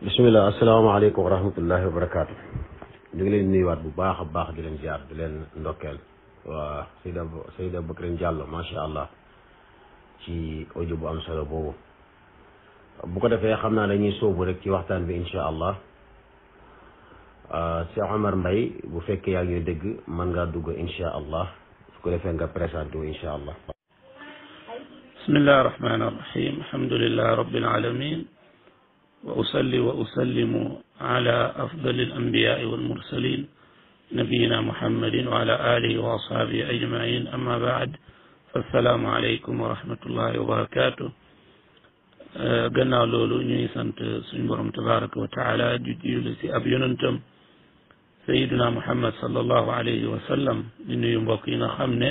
bisimilah asalaamaaleykum wa rahmatullahi wa ñu ngi leen nuyuwaat bu baax a baax di leen jaar leen ndokkeel waa Seyda Seyda Bakrin Diallo ma allah ci audio bu am solo boobu. bu ko defee xam naa dañuy sóobu rek ci waxtaan bi incha allah Cheikh Omar Mbaye bu fekkee yaa ngi ñuy dégg man ngaa dugg incha allah su ko defee nga présenté wu incha allah. bisimilah rahmaani rahim alhamdulilah rabbil وأصلي وأسلم على أفضل الأنبياء والمرسلين نبينا محمد وعلى آله وأصحابه أجمعين أما بعد فالسلام عليكم ورحمة الله وبركاته gannaaw loolu ñuy sant suñ borom tabaraka wa taala ju julli si ab yonantam sayiduna muhammad sallallahu alayhi wa sallam di nuyu mbokk yi nga xam ne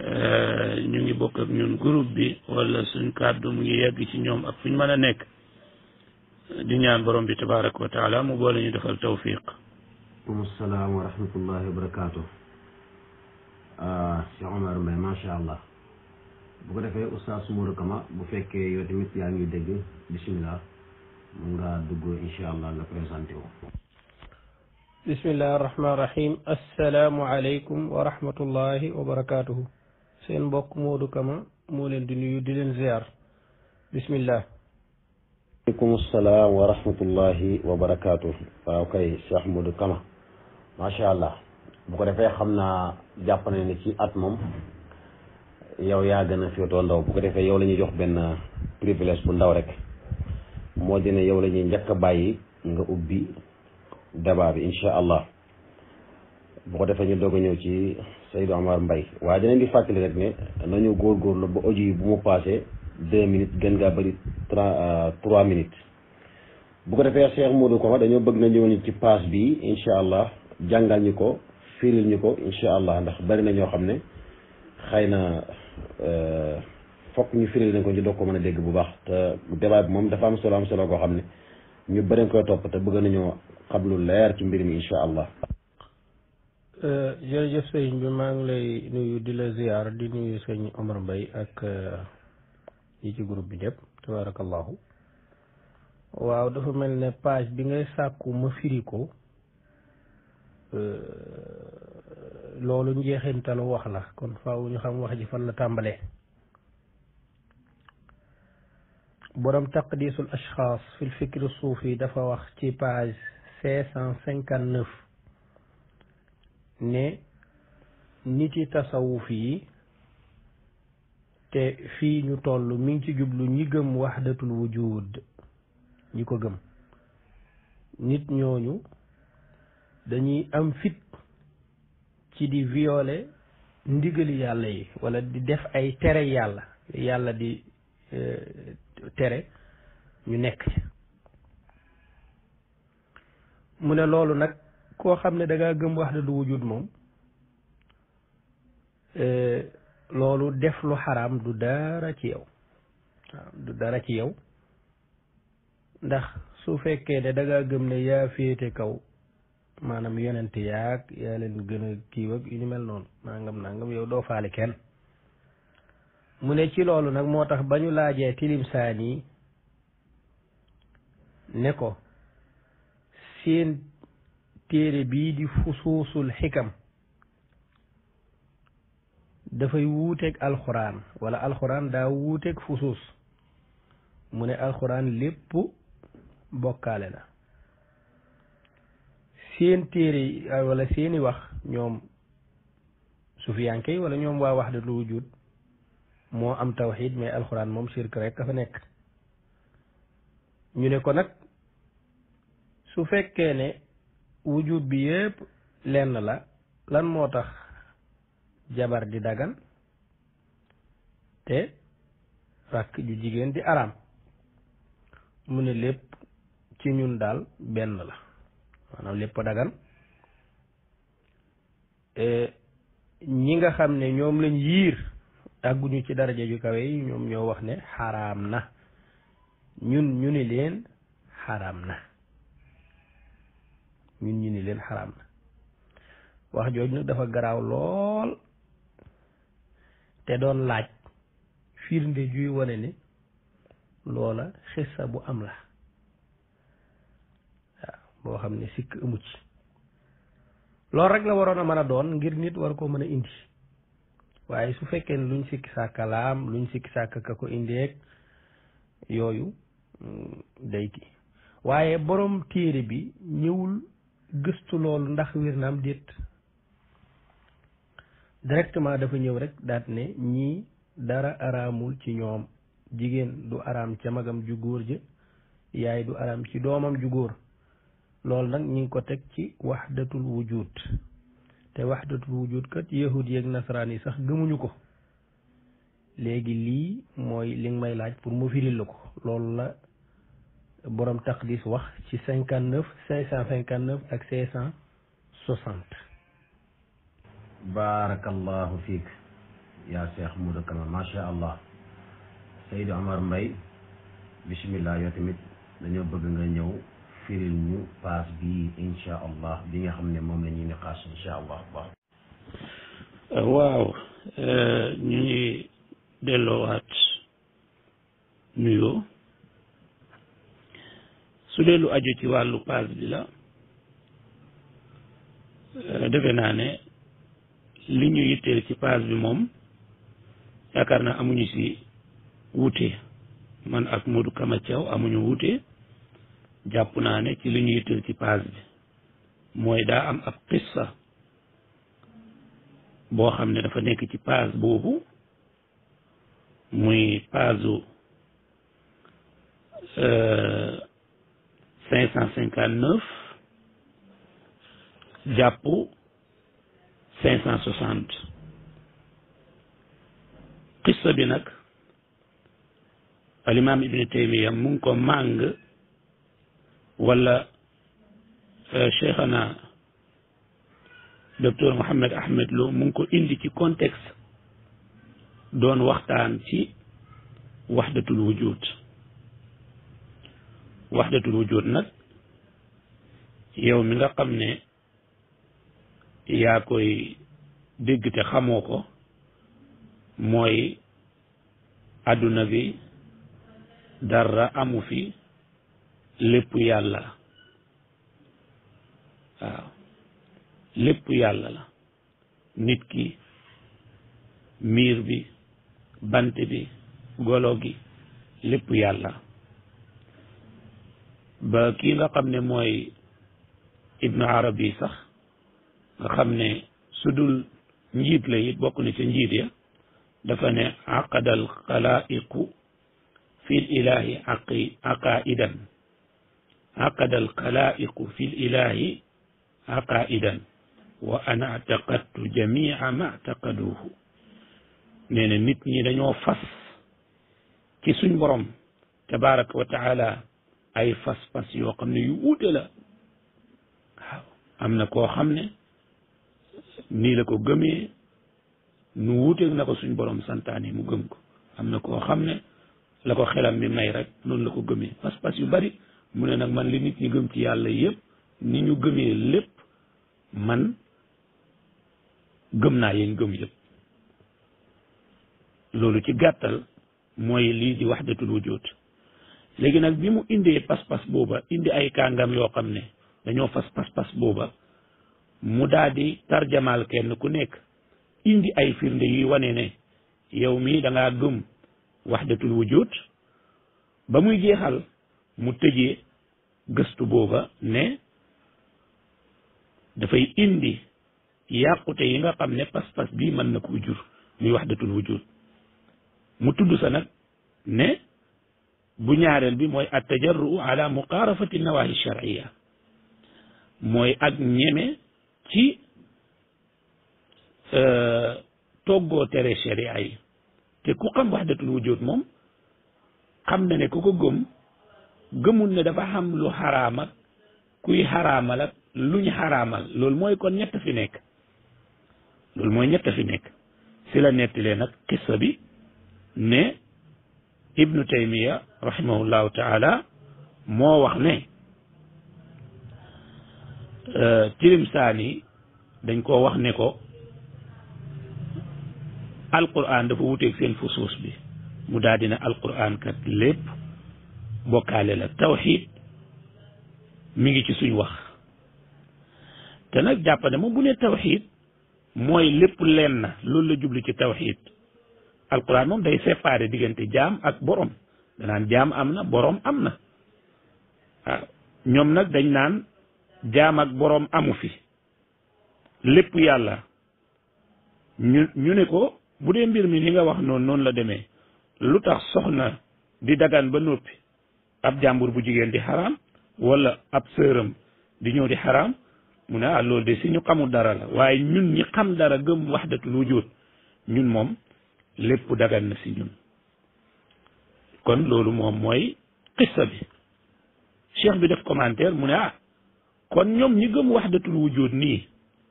eh, ñu ngi bokk ak ñun groupe bi wala suñ kàddu mu ngi yegg ci ñoom ak fuñ mën a nekk di ñaan borom bi tabaraka wa taala mu boole ñu defal tawfiq um salaam wa rahmatullahi wa barakaatu ah, Cheikh Omar Mbaye macha bu ko defee oustaz Kama bu fekkee yow tamit yaa ngi dégg bismillah mun ngaa dugg incha allah nga présenté wu bismillahi rahmaani rahim di nuyu di bismillah aleykum salaam wa rahmatullahi wa barakaatu. waaw kay Cheikh Modou Kama macha allah bu ko defee xam naa jàpp na ni ci at moom yow yaa gën a féetoo ndaw bu ko defee yow la jox benn privilège bu ndaw rek moo dina yow lañuy ñuy a bàyyi nga ubbi débat bi incha allah bu ko defee ñu doog a ñëw ci Seydou Amar mbay waaye dinañ di fàttali rek ne nañu góorgóorlu ba audio yi bu mu paasee. deux minutes gën ngaa bëri euh, trois minutes bu ko defee Cheikh Modou Koma dañoo bëgg na ñëw ci paas bi incha allah jàngal ñi ko firil ñu ko incha allah ndax bëri na xam ne xëy na euh, fokk ñu firil nañ ko ñu doog ko mën a dégg bu baax te débat bi moom dafa am solo am solo koo xam ne ñu bari nga koy topp te bëgg nañoo xam lu leer ci mbir mi incha allah. Euh, jërëjëf sëñ bi maa ngi lay nuyu di la ziar di nuyu sëñ Omar Mbaye ak. yi ci groupe bi yëpp tabarakallahu waaw dafa mel ne page bi ngay sàkku ma firi ko euh, loolu njeexintalu wax la kon faaw ñu xam wax ji fan la tàmbalee borom taqdisul ashxaas fil fikri suufi dafa wax ci page cinq cent cinquante neuf ne niti tasawuf yi te fii ñu toll mi ngi ci jublu ñi gëm waxdatul wujud ñi ko gëm nit ñooñu dañuy am fit ci di viole ndigali yàlla yi wala di def ay tere yàlla yàlla di e, tere ñu nekk mu ne loolu nag koo xam ne da gëm waxdatul wujud moom e, loolu def lu xaraam du dara ci yow waaw du dara ci yow ndax su fekkee de da gëm ne yaa féete kaw maanaam yonent yaag yaa leen gën a kii ak yu ñu mel noonu nangam nangam yow doo faale kenn mu ne ci loolu nag moo tax ba ñu tilim saa yi ne ko seen téere bii di fusuusul xikam dafay wuuteeg alxuraan wala alxuraan daa fu suus mu ne alxuraan lépp bokkaale la seen téere yi ah, wala seeni wax ñoom sufiyanke yi wala ñoom waa wax wahdatul wujud moo am tawxiit mais alxuraan moom shirk rekk a fa nekk ñu ne ko nag su fekkee ne wujud bi yépp lenn la lan moo tax jabar di dagan te rakk ju jigéen di araam mu ne lépp ci ñun daal benn la maanaam lépp dagan ñi nga xam ne ñoom lañ yiir àgguñu ci daraja ju kawe yi ñoom ñoo wax ne xaraam na ñun ñu ni leen xaraam na ñun ñu ni leen xaraam na wax jooju nag dafa garaaw lool te doon laaj firnde juy wane ne loola xissa bu am la waaw boo xam ne sikk amu ci loolu rek la waroon a mën a doon ngir nit war koo mën a indi waaye su fekkee ne luñ sikki sàkka laam luñ sikki sàkka ka ko indeeg yooyu mm, day ki waaye boroom téere bi ñëwul gëstu loolu ndax wér na am déet directement dafa ñëw rek daat ne ñii dara araamul ci ñoom jigéen du araam ca magam ju góor ja yaay du araam ci doomam ju góor loolu nag ñi ngi ko teg ci waxdatul wujud te waxdatul wujud kat yahud yeeg nasaraan yi sax gëmuñu ko léegi lii mooy li nga may laaj pour mu firil la ko loolu la borom taqdis wax ci cinquante neuf cinq cent cinquante neuf ak cinq soixante baarakallahu fiik yaa Cheikh Modou Kama macha allah Seydou Amar Mbaye bismillah yow tamit dañoo bëgg nga ñëw firil ñu paas bii incha allah bi nga xam ne moom la ñuy niqaas incha allah baax waaw eh, ñu ngi delloowaat nuyoo su dee lu aju ci wàllu paas bi la eh, defe naa ne li ñu yitteel ci page bi moom yaakaar naa amuñu ci wute man ak Modou Kama Thiaw amuñu wuute jàpp naa ne ci li ñu yitteel ci page bi mooy daa am ab qissa boo xam ne dafa nekk ci page boobu muy page u euh, cinq cent cinquante neuf jàpp cinq cent soixante qissa bi nag alimaam ibnu taymiya mu ngi ko màng wala euh, cheikhana docteur Mohamed Ahmed Lo mu ngi ko indi ci contexte doon waxtaan ci waxdatul wujud waxdatul wujud nag yow mi nga xam ne yaa koy dégg te xamoo ko mooy àdduna bi dara amu fi lépp yàlla la waaw lépp yàlla la nit ki miir bi bant bi golo gi lépp yàlla ba kii nga xam ne mooy ibnu arabi sax nga xam ne sudul dul njiit la it bokk na ca ya dafa ne aqadal xalaa'iqu fil ilaahi aqi aqaidan aqadal xalaa'iqu fil ilaahi aqaidan wa ana ataqadtu jamia ma taqaduhu nee na nit ñi dañoo fas ci suñ borom tabaraka wa taala ay fas fas yoo xam ne yu wuute la waaw am na koo xam ne nii la ko gëmee nu wuuteeg na ko suñ borom santaani mu gëm ko am na koo xam ne la ko xelam bi may rek noonu la ko gëmee pas-pas yu bari mu ne nag man li nit ñi gëm ci yàlla yépp ni ñu gëmee lépp man gëm naa yéen gëm yépp loolu ci gàttal mooy lii di wax wahdatul wujud léegi nag bi mu indee pas-pas booba indi ay kàngam yoo xam ne dañoo fas pas-pas booba mu daal di tarjamaal kenn ku nekk indi ay firnde yuy wane ne yow mii da ngaa gëm waxdatul wujud ba muy jeexal mu tëjee gëstu booba ne dafay indi yàqute yi nga xam ne pas-pas bii mën na ko jur muy waxdatul wujud mu tudd sa nag ne bu ñaareel bi mooy at tajarru ala muqaarafati nawahi sharciya mooy ak ñeme ci euh, toggoo tere sharia yi te ku xam wahdatul wujud moom xam na ne ku ko gëm gëmul ne dafa xam lu xaraam kuy xaraamal luñ xaraamal loolu mooy kon ñett fi nekk loolu mooy ñett fi nekk si la nettalee nag qissa bi ne ibnu taymiya rahimahullahu taala moo wax ne Euh, tilim ni dañ koo wax ne ko alquran dafa wuteeg seen fusuus bi mu daal dina alquran kat lépp bokkaale la tawxid mu ngi ci suñ wax te nag jàpp ne moom bu ne tawxid mooy lépp leen na loolu la jublu ci tawxid alquran moom day séparé diggante jaam ak borom naan jaam am na boroom am na waaw ñoom nag dañ naan jaam ak boroom amu fi lépp yàlla ñu ñu ne ko bu dee mbir mi li nga wax noonu noonu la demee lu tax soxna di dagan ba noppi ab jàmbur bu jigéen di xaraam walla ab sëram di ñëw di xaraam mu ne ah loolu de si ñu xamul dara la waaye ñun ñi xam dara gëm waxdatul wujud ñun moom lépp dagan na si ñun kon loolu moom mooy qissa bi cheikh bi def commentaire mu ne ah kon ñoom ñi gëm waxdatul wujud nii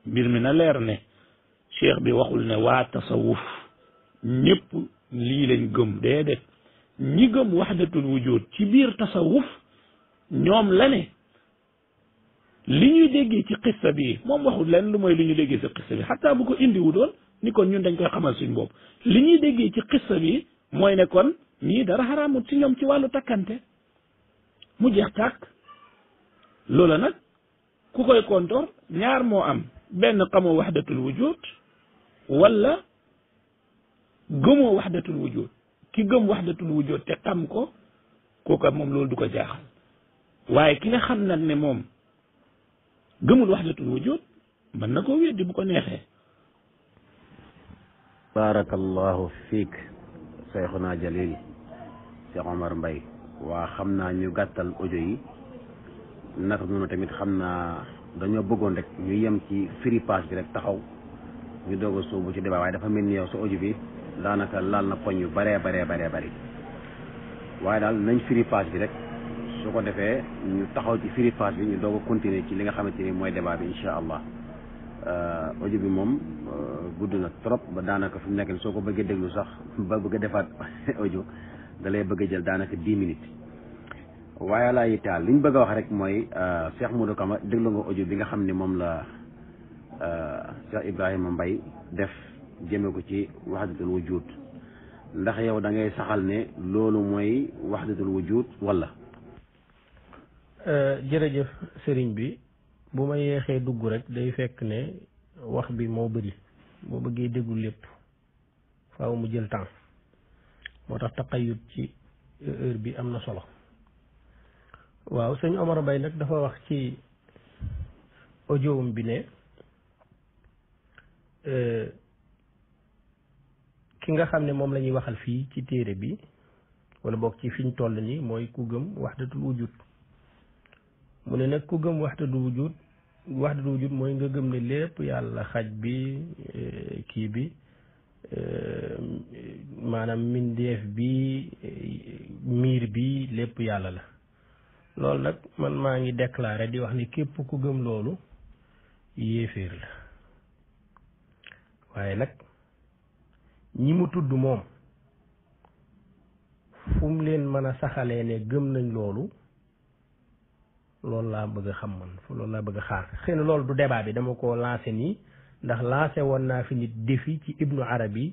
mbir mi na leer ne cheikh bi waxul ne waa tasawuf ñëpp lii lañ gëm déedéet ñi gëm waxdatul wujud ci biir tasawuf ñoom la ne li ñuy déggee ci xissa bi moom waxul leen lu mooy li ñu déggee ci xissa bi xataa bu ko indiwu ni kon ñun dañ koy xamal suñ bopp li ñuy déggee ci xissa bi mooy ne kon ñii dara xaraamut ci ñoom ci wàllu takkante mu jeex tàkk loola nag ku koy kontor ñaar moo am benn xamoo waxdatul wujud wala gëmoo waxdatul wujud ki gëm waxdatul wujud te xam ko kooka moom loolu du ko jaaxal waaye ki nga xam nag ne moom gëmul waxdatul wujud mën na ko weddi bu ko neexee barakallahu fiik cheikhuna jalil cheikh omar mbay waa xam naa ñu gàttal audio yi naka noonu tamit xam naa dañoo bëggoon rek ñu yem ci firi page bi rek taxaw ñu doog a sóobu ci débat waaye dafa mel ni yow sa audio bi daanaka laal na poñ yu baree baree bare bëri waaye daal nañ firi page bi rek soo ko defee ñu taxaw ci firi page bi ñu doog a continuer ci li nga xamante ni mooy débat bi incha allah ojo euh, bi moom euh, gudd na trop ba daanaka fi mu nekk soo ko bëggee déglu sax ba bëgg defaat audio da lay bëgg jël daanaka dix minutes. waaye laa yitaal li ñu bëgg a wax rek mooy euh, Cheikh Modou Kama déglu nga audio bi nga xam ni moom la euh, Cheikh Ibrahima mbay def jëme ko ci waxdatul wujud ndax yow da ngay saxal ne loolu mooy wax waxdatul wujud wala. Euh, jërëjëf sëriñ bi bu ma yeexee dugg rek day fekk ne wax bi moo bëri boo bëggee déglu lépp faaw mu jël temps moo tax taqayut ci heure bi am na solo. waaw sëñ Omar Bay nag dafa wax ci audiowum bi ne euh, ki nga xam ne moom la ñuy waxal fii ci téere bi walla boog ci fiñ toll ni mooy ku gëm waxdatul wujud mu ne nag ku gëm waxdatul wujud waxdatul wujud mooy nga gëm ne lépp yàlla xaj bi euh, kii bi euh, maanaam mindeef bi miir bi lépp yàlla la loolu nag man maa ngi déclaré di wax ni képp ko gëm loolu yéeféer la waaye nag ñi mu tudd moom fu mu leen mën a saxalee ne gëm nañ loolu loolu laa bëgg a xam man loolu laa bëgg xaar xëy na loolu du débat bi dama ko lancé nii ndax lancé woon naa fi nit défi ci ibnu arabi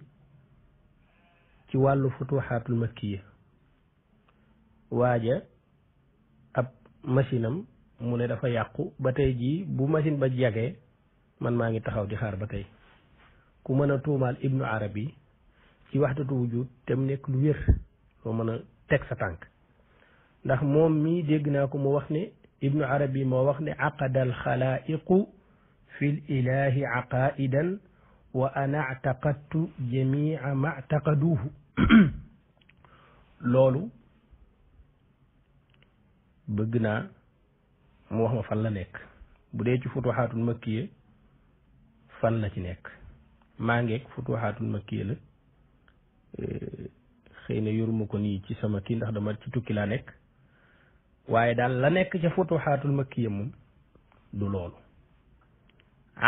ci wàllu futuxaatul makkiya waaja machine am mu ne dafa yàqu ba tey jii bu machine ba jagee man maa ngi taxaw di xaar ba tey ku mën a tuumaal ibnu arabi ci waxdatu wujud te mu nekk lu wér loo mën a teg sa tànk ndax moom mii dégg naa ko mu wax ne ibnu arabi moo wax ne aqada al xalaaiqu fi l ilahi aqaidan wa ana ataqadtu jamia ma taqaduuhu loolu bëgg naa mu wax ma fan la nekk bu dee ci futuxaatul makkiye fan la ci nekk maa ngeeg futuxaatul makkiye la xëy na yoruma ko nii ci sama kii ndax dama ci tukki nekk waaye daal la nekk ca futuxaatul makkiye moom du loolu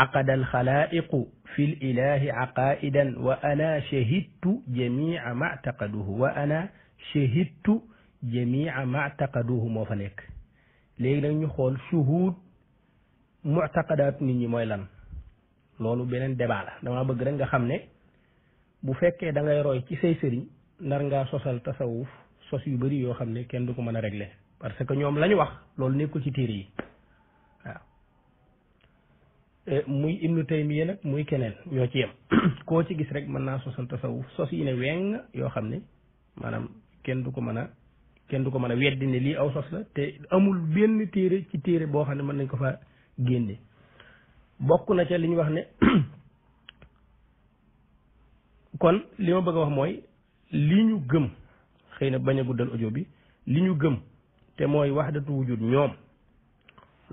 aqada alxalaaiqu fi lilahi aqaidan wa ana shahidtu ma taqaduhu wa ana shahidtu jamia maataqaduhu moo fa nekk léegi nag ñu xool shuhud muctaqadaat nit ñi mooy lan loolu beneen débat la dama bëgg rek nga xam ne bu fekkee da ngay roy ci say sëriñ nar ngaa sosal tasawuf sos yu bari yoo xam ne kenn du ko mën a régler parce que ñoom la wax loolu nekkul ci téere yi waaw eh, muy ibnu taymiya muy keneen ñoo ci yem koo ci gis rek mën naa sosal tasawuf sos yi ne weng yoo xam ne maanaam kenn du ko mën a kenn du ko mën a weddi ne lii aw sos la te amul benn téere ci téere boo xam ne mën nañ ko fa génne bokk na ca li ñu wax ne kon li ma bëgg a wax mooy li ñu gëm xëy na bañ a guddal audio bi li ñu gëm te mooy wax wahdatu wujud ñoom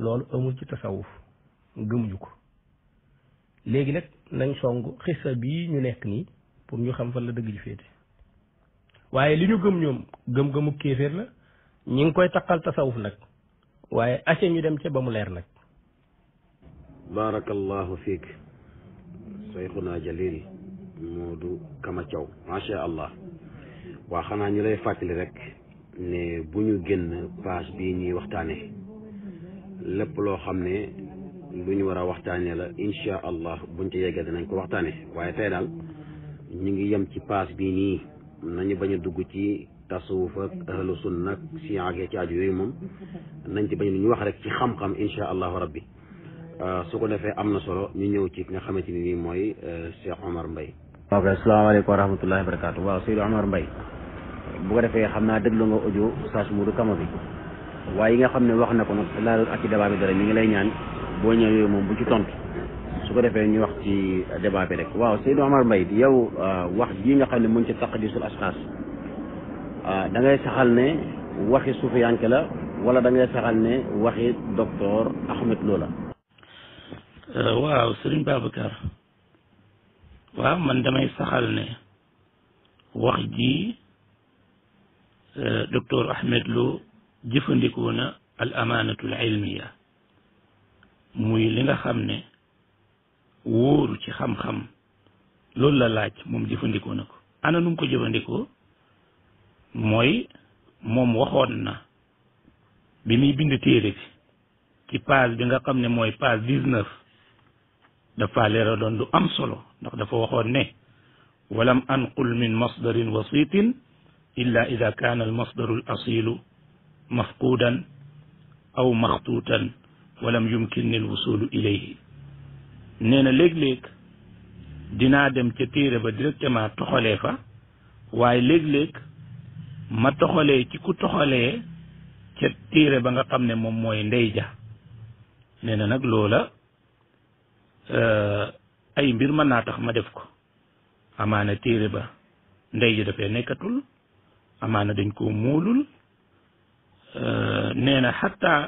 loolu amul ci tasawuf gëmuñu ko léegi nag nañ song xissa bii ñu nekk nii pour ñu xam fan la dëgg ji féete waaye li ñu gëm ñoom gëm-gëmu kéeféer la ñu ngi koy taqal tasawuf nag waaye ace ñu dem ca ba mu leer nag barakallahu fiik sayxuna jalil Moodu Kama Thiaw macha allah waa xanaa ñu lay fàttali rek ne bu ñu génn page bii ñuy waxtaane lépp loo xam ne lu ñu war a waxtaanee la incha allah buñ ci yeggee dinañ ko waxtaane waaye tey daal ñu ngi yem ci page bii nii nañu bañ a dugg ci tasawuf ak ahlu sunna ak siyaage ci aju yooyu moom nañ ci bañ lu ñu wax rek ci xam-xam insha allahu rabbi euh, su ko defee am na solo ñu ñëw ci ki nga xamante ni nii mooy euh, Cheikh Omar mbay ok asalaamaaleykum wa rahmatullahi wa barakatu waaw Seydou Omar Mbaye bu ko defee xam naa déglu nga audio Oustaz Modou Kama bi waaye yi nga xam ne wax na ko nag laalul ak ci débat bi dara ñu ngi lay ñaan boo ñëwee moom bu ci tontu su ko defee ñu wax ci débat bi rek waaw Seydou Omar yow euh, wax jii nga xam ne mun ci taqdisul asxaas euh, da ngay saxal ne waxi sufiyanke la wala da ngay saxal ne waxi docteur Ahmed Lo la euh, waaw Serigne man damay saxal ne wax ji na al amaanatul ilmiya muy li nga xam ne wóoru ci xam-xam loolu la laaj moom jëfandikoo na ko ana nu mu ko jëfandikoo mooy moom waxoon na bi muy bind téere bi ci page bi nga xam ne mooy page dix-neuf dafa leera doon du am solo ndax dafa waxoon ne walam anqul min masdarin wasitin illa ida kaana al masdaru al asilu mafqudan aw maxtuutan walam yumkin ni al wusulu ilayhi nee na léeg-léeg dinaa dem ca téere ba directement toxalee fa waaye léeg-léeg ma toxalee ci ku toxalee ca téere ba nga xam ne moom mooy ndey ja nee na nag loola euh, ay mbir mën naa tax ma def ko amaana téere ba ndey ja dafay nekkatul amaana dañ koo muulul euh, nee na xataa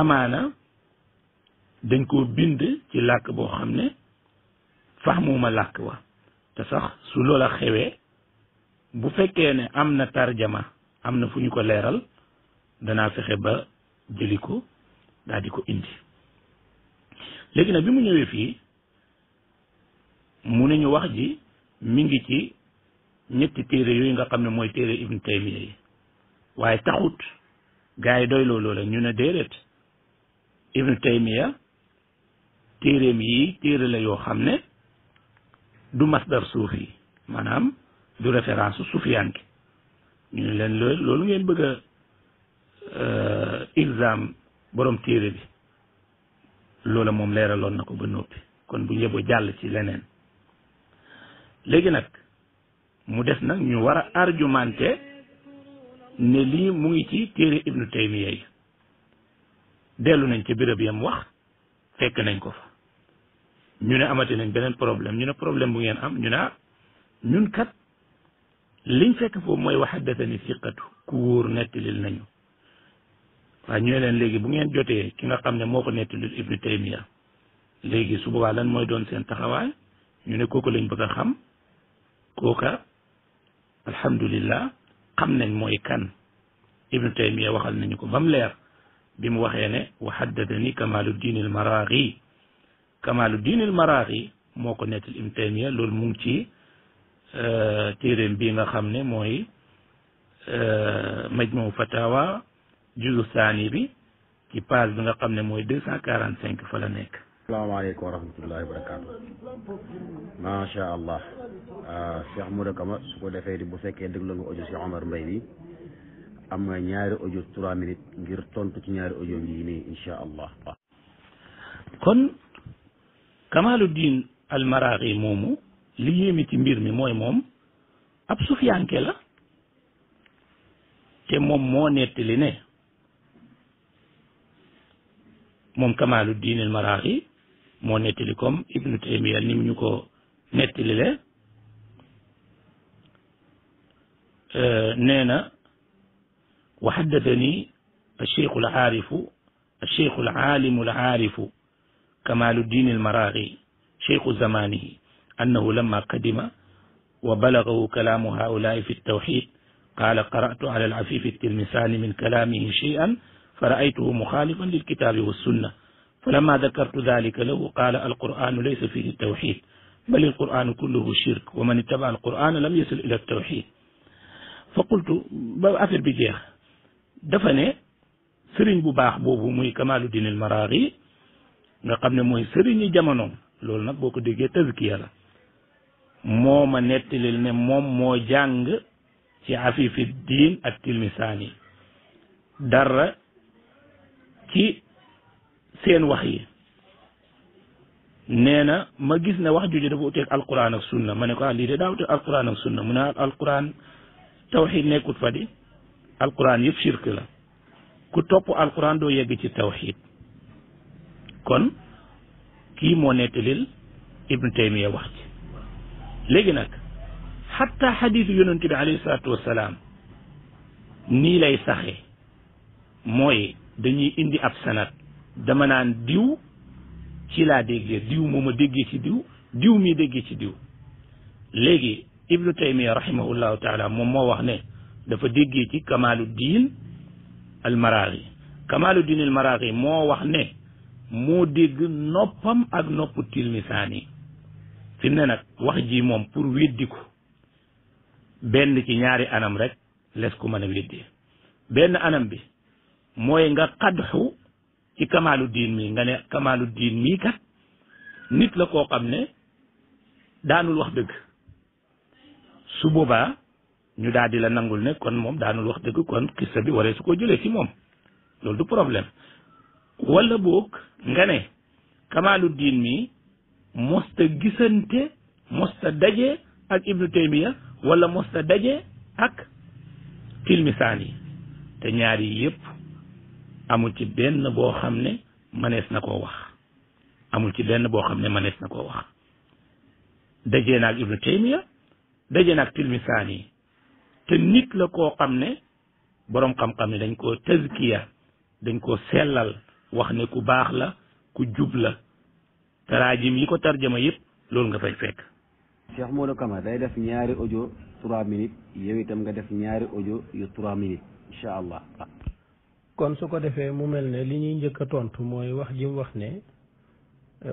amaana dañ koo bind ci làkk boo xam ne faxmuma làkk wa te sax su loola xewee bu fekkee ne am na tarjama am na fu ñu ko leeral danaa fexe ba jëli ko daal di ko indi léegi nag bi mu ñëwee fii mu ne ñu wax ji mi ngi ci ñetti téere yooyu nga xam ne mooy téere ibn taymiya yi waaye taxut gars yi doy loolu la ñu ne déedéet ibn taymiya téeréem yi téere la yoo xam ne du masdar suufi maanaam du référence sufiyaan ki ñu ne leen loolu loolu ngeen bëgg a exam euh, borom téere bi loola moom leeraloon na ko ba noppi kon bu njëbo jàll ci leneen léegi nag mu des nag ñu war a argumenté ne lii mu ngi ci téere ibnu taymiya yi dellu nañ ca béréb yam wax fekk nañ ko fa ñu ne amati nañ beneen problème ñu ne problème bu ngeen am ñu ne ah ñun kat liñ fekk foofu mooy waxaddatani siqatu ku wóor nettalil nañu waaye ñu ne leen léegi bu ngeen jotee ki nga xam ne moo ko nettalil ibnu taymiya léegi su boobaa lan mooy doon seen taxawaay ñu ne kooku lañ bëgg a xam kooka alhamdulillah xam nañ mooy kan ibnu taymiya waxal nañu ko ba mu leer bi mu waxee ne waxaddatani kamaalu diinil maraaxi Kamaalu diinil Maraaxi moo ko nettal Ibn Taymiya loolu mu ngi ci euh, téeréem bi nga xam ne mooy euh, Majmuu Fatawa juzu saani bi ci page bi nga xam ne mooy deux cent quarante cinq fa la nekk. salaamaaleykum wa rahmatullahi wa barakaatu. macha allah. Euh, Cheikh Modou Kama su ko defee di bu fekkee déglu nga audio si Omar Mbaye bi am nga ñaari audio trois minutes ngir tontu ci ñaari audio yi nii incha allah. kon. Kamaaluddin Almaraaxi moomu li yéeme ci mbir mi mooy moom ab sufiyanke la te moom moo nettali ne moom Kamaaluddin Almaraaxi moo nettali comme Ibnu Taymiya ni mu ñu ko nettali le nee na wa haddathani al cheikhu al aarifu al cheikhu al aalimu al aarifu kamalu diinil maraaqi cheikhu zamanihi annahu lamma qadima wa balagahu kalaamu haulaai fi tawxid qaala qara'tu ala alafifi tilmisaani min kalaamihi cheyan fa raaytuhu muxaalifan lilkitaabi wassunna fa lamma dakartu dalika lahu qaala alqur'anu laysa fihi tawxid bal alqur'anu kulluhu shirk wa man ittaba alqur'ana lam yasil ila tawxid fa qultu ba affaire bi jeex dafa ne sëriñ bu baax boobu muy kamaalu diinil maraaqi nga xam ne mooy sëriñu jamono loolu nag boo ko déggee tazkiya la moo ma nettalil ne moom moo jàng ci afifi diin ak tilmisaani dara ci seen wax yi nee na ma gis ne wax ju dafa uteeg alquran ak sunna ma ne ko ah lii de daa uteeg alquran ak sunna mu ne ah alquran tawxid nekkut fa di alquran yëpp shirk la ku topp alquran doo yegg ci tawxid kon kii moo nettalil ibnu taymiya wax ci léegi nag xatta xadiisu yonent bi alayhi salaatu wasalaam nii lay saxe mooy dañuy indi ab sanat dama naan diw ci laa déggee diw moo ma déggee ci diw diw mi déggee ci diw léegi ibnu taymiya rahimahullahu taala moom moo wax ne dafa déggee ci kamaalu diin almaraaxi kamaalu diin almaraaxi moo wax ne moo dégg noppam ak nopp tilmisaan yi fi ne nag wax ji moom pour weddi ko benn ci ñaari anam rek les ko mën a weddee benn anam bi mooy nga xadxu ci kamaalu diin mi nga ne kamaalu diin mii kat nit la koo xam ne daanul wax dëgg su boobaa ñu daal di la nangul ne kon moom daanul wax dëgg kon xissa bi waree su ko jëlee si moom loolu du problème wala boog nga ne Kamaluddin mi mosta gisante mosta daje ak Ibnu Taymiya wala mosta daje ak Tilmisaani te ñaar yi yëpp amul ci benn boo xam ne mënees na ko wax amul ci benn boo xam ne mënees na ko wax daje na ak Ibnu Taymiya daje na ak Tilmisaani te nit la koo xam ne boroom xam-xam ne dañ koo tazkiya dañ koo sellal wax ne ku baax la ku jub la taraajim yi ko tarjama yëpp loolu nga fay fekk Cheikh Modou Kama day def ñaari audio trois minutes yow itam nga def ñaari audio yu trois minutes incha allah kon su ko defee mu mel ne li ñuy njëkk a tontu mooy wax ji wax ne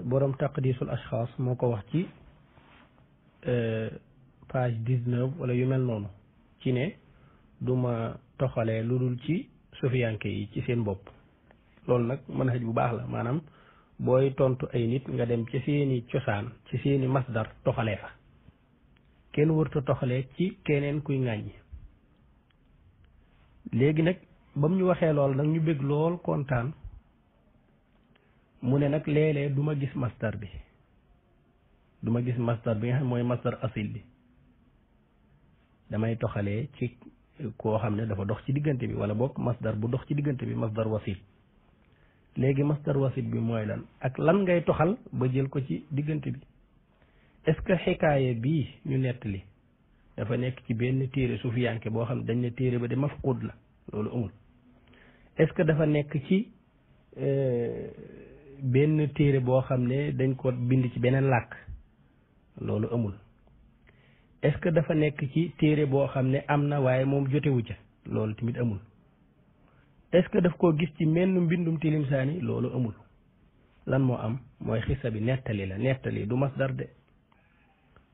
borom taqdisul ashxaas moo ko wax ci euh, page dix-neuf wala yu mel noonu ci ne duma toxalee lu dul ci sufiyanke yi ci seen bopp loolu nag manhaj bu baax la maanaam booy tontu ay nit nga dem ci seeni cosaan ci seeni masdar toxale fa kenn wërta toxalee ci keneen kuy ŋàññi léegi nag ba mu ñu waxee lool nag ñu bég lool kontaan mu ne nag léeg-léeg du ma gis masdar bi duma gis masdar bi nga xam mooy masdar asil bi damay toxalee ci koo xam ne dafa dox ci diggante bi wala boog masdar bu dox ci diggante bi masdar wasil léegi masdar wasit bi mooy lan ak lan ngay toxal ba jël ko ci diggante bi est-ce que xikaaya bii ñu nettali dafa nekk ci benn téere suufiyanke boo xam dañ ne téere ba di mafqud la loolu amul est-ce que dafa nekk ci euh, benn téere boo xam ne dañ ko bind ci beneen làkk loolu amul est-ce que dafa nekk ci téere boo xam ne am na waaye moom jotewu ca loolu tamit amul est-ce que daf koo gis ci menn mbindum tilimsaani loolu amul lan moo am mooy xisa bi nettali la nettali du mas de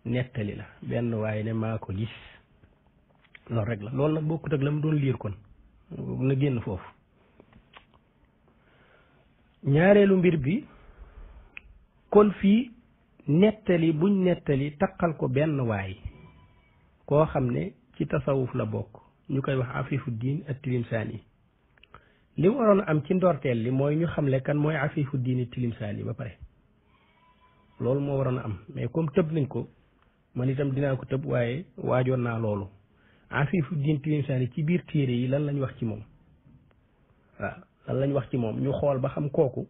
nettali la benn waaye ne maa ko gis loolu rek la loolu nag bokkut ak la mu doon liir kon na génn foofu ñaareelu mbir bi kon fii nettali buñ nettali taqal ko benn waay koo xam ne ci tasawuf la bokk ñu koy wax afifu diin ak tilimsaani li waroon am ci ndorteel li mooy ñu xamle kan mooy afifu diini tilimsaan yi ba pare loolu moo waroon a am mais comme tëb nañ ko man itam dinaa ko tëb waaye waajoon naa loolu afifu diini tilimsaan yi ci biir téere yi lan lañ wax ci moom waaw lan lañ wax ci moom ñu xool ba xam kooku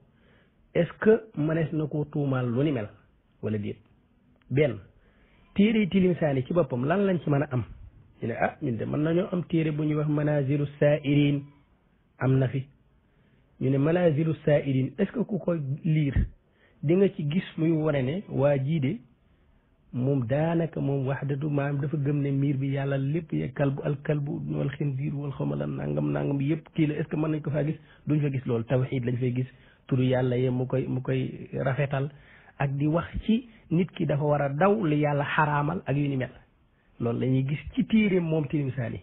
est-ce que mënees na ko tuumaal lu ni mel wala déet benn téere yi tilimsaan yi ci boppam lan lañ ci mën a am ñu ne ah ñun de mën nañoo am téere bu ñuy wax manaziru saairin am na fi ñu ne manaazilu saa'ilin est-ce ku ko liir di nga ci gis muy wone ne waa jii de moom daanaka moom wax du maam dafa gëm ne miir bi yàlla lépp ya kalbu al kalbu wal xinziir wal xamala nangam nangam yëpp kii la est-ce mën nañ ko faa gis duñ fa gis loolu tawxiid lañ fay gis turu yàlla ye mu koy mu koy rafetal ak di wax ci nit ki dafa war a daw yàlla xaraamal ak yu ni mel loolu lañuy gis ci téere moom tilim saani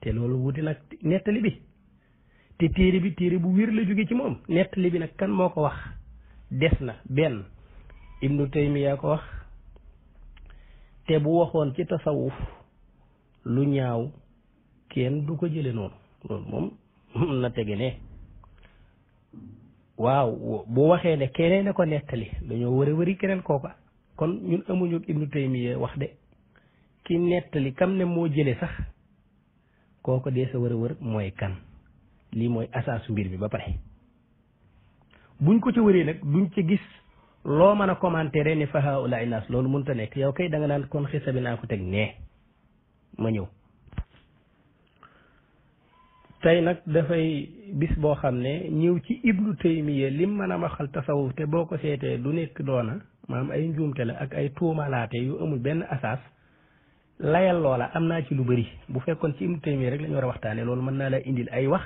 te loolu wuti nag nettali bi te téere bi téere bu wér la jóge ci moom nettali bi nag kan moo ko wax des na benn ibnu yaa ko wax te bu waxoon ci tasawuf lu ñaaw kenn du ko jële noonu loolu moom na tege ne waaw bu waxee ne keneen ne ko nettali dañoo wër a wëri keneen kooka kon ñun amuñu ibnu taymiya wax de ki nettali kam ne moo jële sax kooko dee sa wër wër mooy kan lii mooy asaasu mbir bi ba pare buñ ko ci wëree nag duñ ci gis loo mën a commentaire ne fa haulaay naas loolu mënut a nekk yow kay da nga naan kon xisa bi naa ko teg nee ma ñëw tey nag dafay bis boo xam ne ñëw ci ibnu taymiya lim mën a waxal tasawuf te boo ko seetee du nekk doona maam ay njuumte la ak ay tuumalaate yu amul benn asaas layal loola am naa ci lu bari bu fekkoon ci ibnu taymiya rek la ñu war a waxtaane loolu mën naa la indil ay wax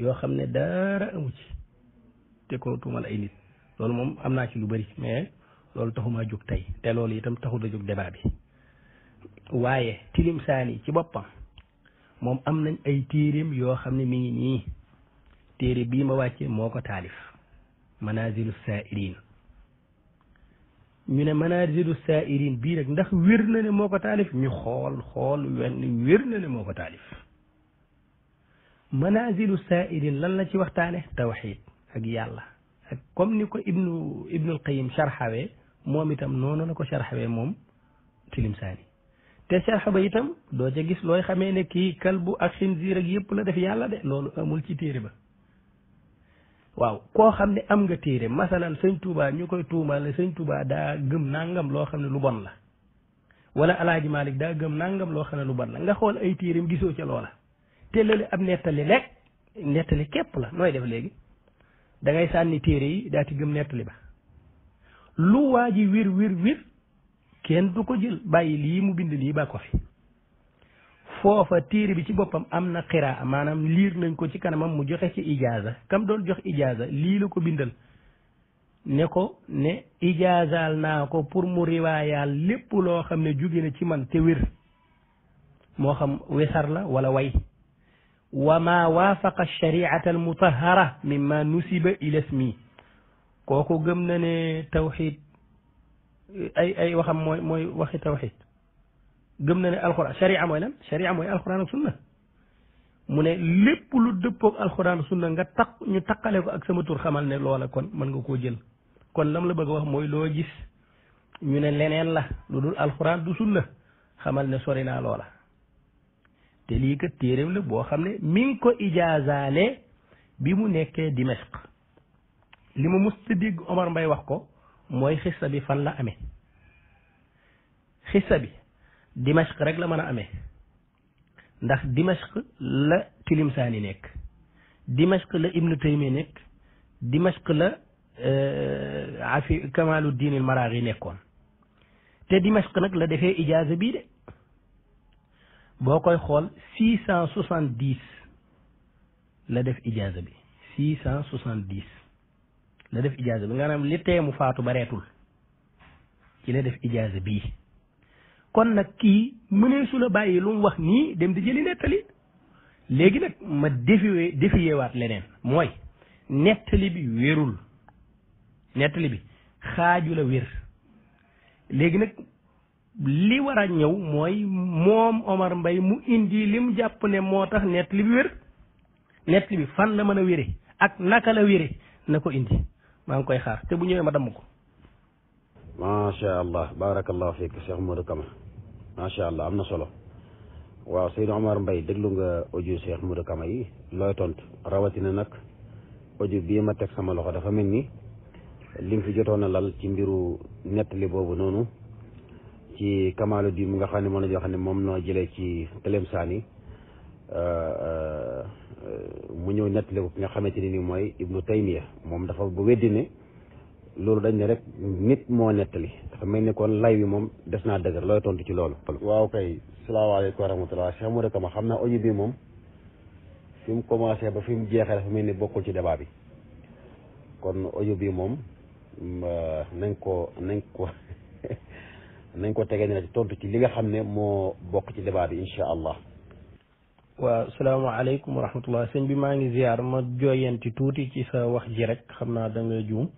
yoo xam ne dara amu ci te ko tuumal ay nit loolu moom am naa ci lu bari mais loolu taxumaa jóg tey te loolu itam taxu a jóg debaa bi waaye tilim saani ci boppam moom am nañ ay téeréem yoo xam ne mi ngi nii téere bii ma wàccee moo ko taalif manazilu saairin ñu ne manazilu saairin bii rek ndax wér na ne moo ko taalif ñu xool xool wenn wér na ne moo ko taalif manazilu saa'ilin lan la ci waxtaane tawxid ak yàlla ak comme ni ko ibnu ibnul qayim sharxawee moom itam noonu la ko sharxawee moom tilimsaani te sharxa ba itam doo ca gis looy xamee ne kii kalbu ak xinziir ak yëpp la def yàlla de loolu amul ci téere ba waaw koo xam ne am nga téere masalan sëñ Touba ñu koy tuumaal ne sëñ daa gëm nangam loo xam ne lu bon la wala alaaji Malik daa gëm nangam loo xam ne lu bon la nga xool ay téereem gisoo ca loola te lële ab nettali lekk nettali képp la nooy def léegi da ngay sànni téere yi daati gëm nettali ba lu waa ji wir wir kenn du ko jël bàyyi lii mu bind lii ba ko fi foofa téere bi ci boppam am na xira maanaam liir nañ ko ci kanamam mu joxe ci ijaaza kam doon jox ijaaza lii la ko bindal ne ko ne ijaazaal naa ko pour mu riwaayaal lépp loo xam ne jóge na ci man te wér moo xam wesar la wala way wa ma waafaqa shariata almutahara mimma nusiba ila ismi kooku gëm na ne tawxid ay ay waxam mooy mooy waxi tawxid gëm na ne alquran sharia mooy lan sharia mooy alquran ak sunna mu ne lépp lu dëppoog alquran sunna nga taq ñu taqale ko ak sama tur xamal ne loola kon mën nga koo jël kon lam la bëgg a wax mooy loo gis ñu ne leneen la lu dul alxuraan du sunna xamal ne sori naa loola te lii kat téeréem la boo xam ne mi ngi ko ijaazaale bi mu nekkee Dimashq li ma mës a Omar Mbay wax ko mooy xissa bi fan la ame xissa bi Dimashq rek la mën a amee ndax Dimashq la Tilimsaani nekk Dimashq la Ibnu Taymi nekk Dimashq la euh, afi Kamaalu Diinil Maraaxi nekkoon te Dimashq nag la defee ijaaza bi de boo koy xool six cent soixante dix la def ijaaza bi six cent soixante dix la def ijaaza bi nga naam li teemu faatu bareetul ci la def ijaaza bii kon nag kii mëneesu la bàyyi lu mu wax nii dem di jëli nettali léegi nag ma défiwee défiyewaat leneen mooy nettali bi wérul nettali bi xaaju la wér léegi nag li war a ñëw mooy moom Omar Mbaye mu indi lim jàpp ne moo tax nett li bi wér nett li bi fan la mën a wére ak naka la wére na ko indi maa ngi koy xaar te bu ñëwee ma damm ko macha allah barakallahu fiik Cheikh Modou Kama macha allah am na solo waaw Seydou Omar mbay déglu nga audio Cheikh Modou Kama yi looy tontu rawatina nag audio bii ma teg sama loxo dafa mel ni lim fi jotoon a lal ci mbiru nett li boobu noonu ci Kamaalu di mu nga xam ne moom la ñu wax ne moom noo jëlee ci Tëlem Saani euh, euh, mu ñëw nettali ko nga xamante ne ni mooy Ibnu Taymiya moom dafa bu weddi loolu dañ ne rek nit moo nettali dafa mel ni kon lay wi moom des naa dëgër looy tontu ci loolu. waaw kay salaamaaleykum wa rahmatulah Cheikh Mouride ma xam naa audio bi moom fi mu commencé ba fi mu jeexee dafa mel ni bokkul ci debaa bi kon audio bi moom euh, nañ ko nañ ko. nañ ko tegee ne tontu ci li nga xam ne moo bokk ci débat bi incha allah. waaw salaamaaleykum wa rahmatullah sëñ bi maa ngi ziar ma jooyanti tuuti ci sa wax ji rek xam naa da nga juum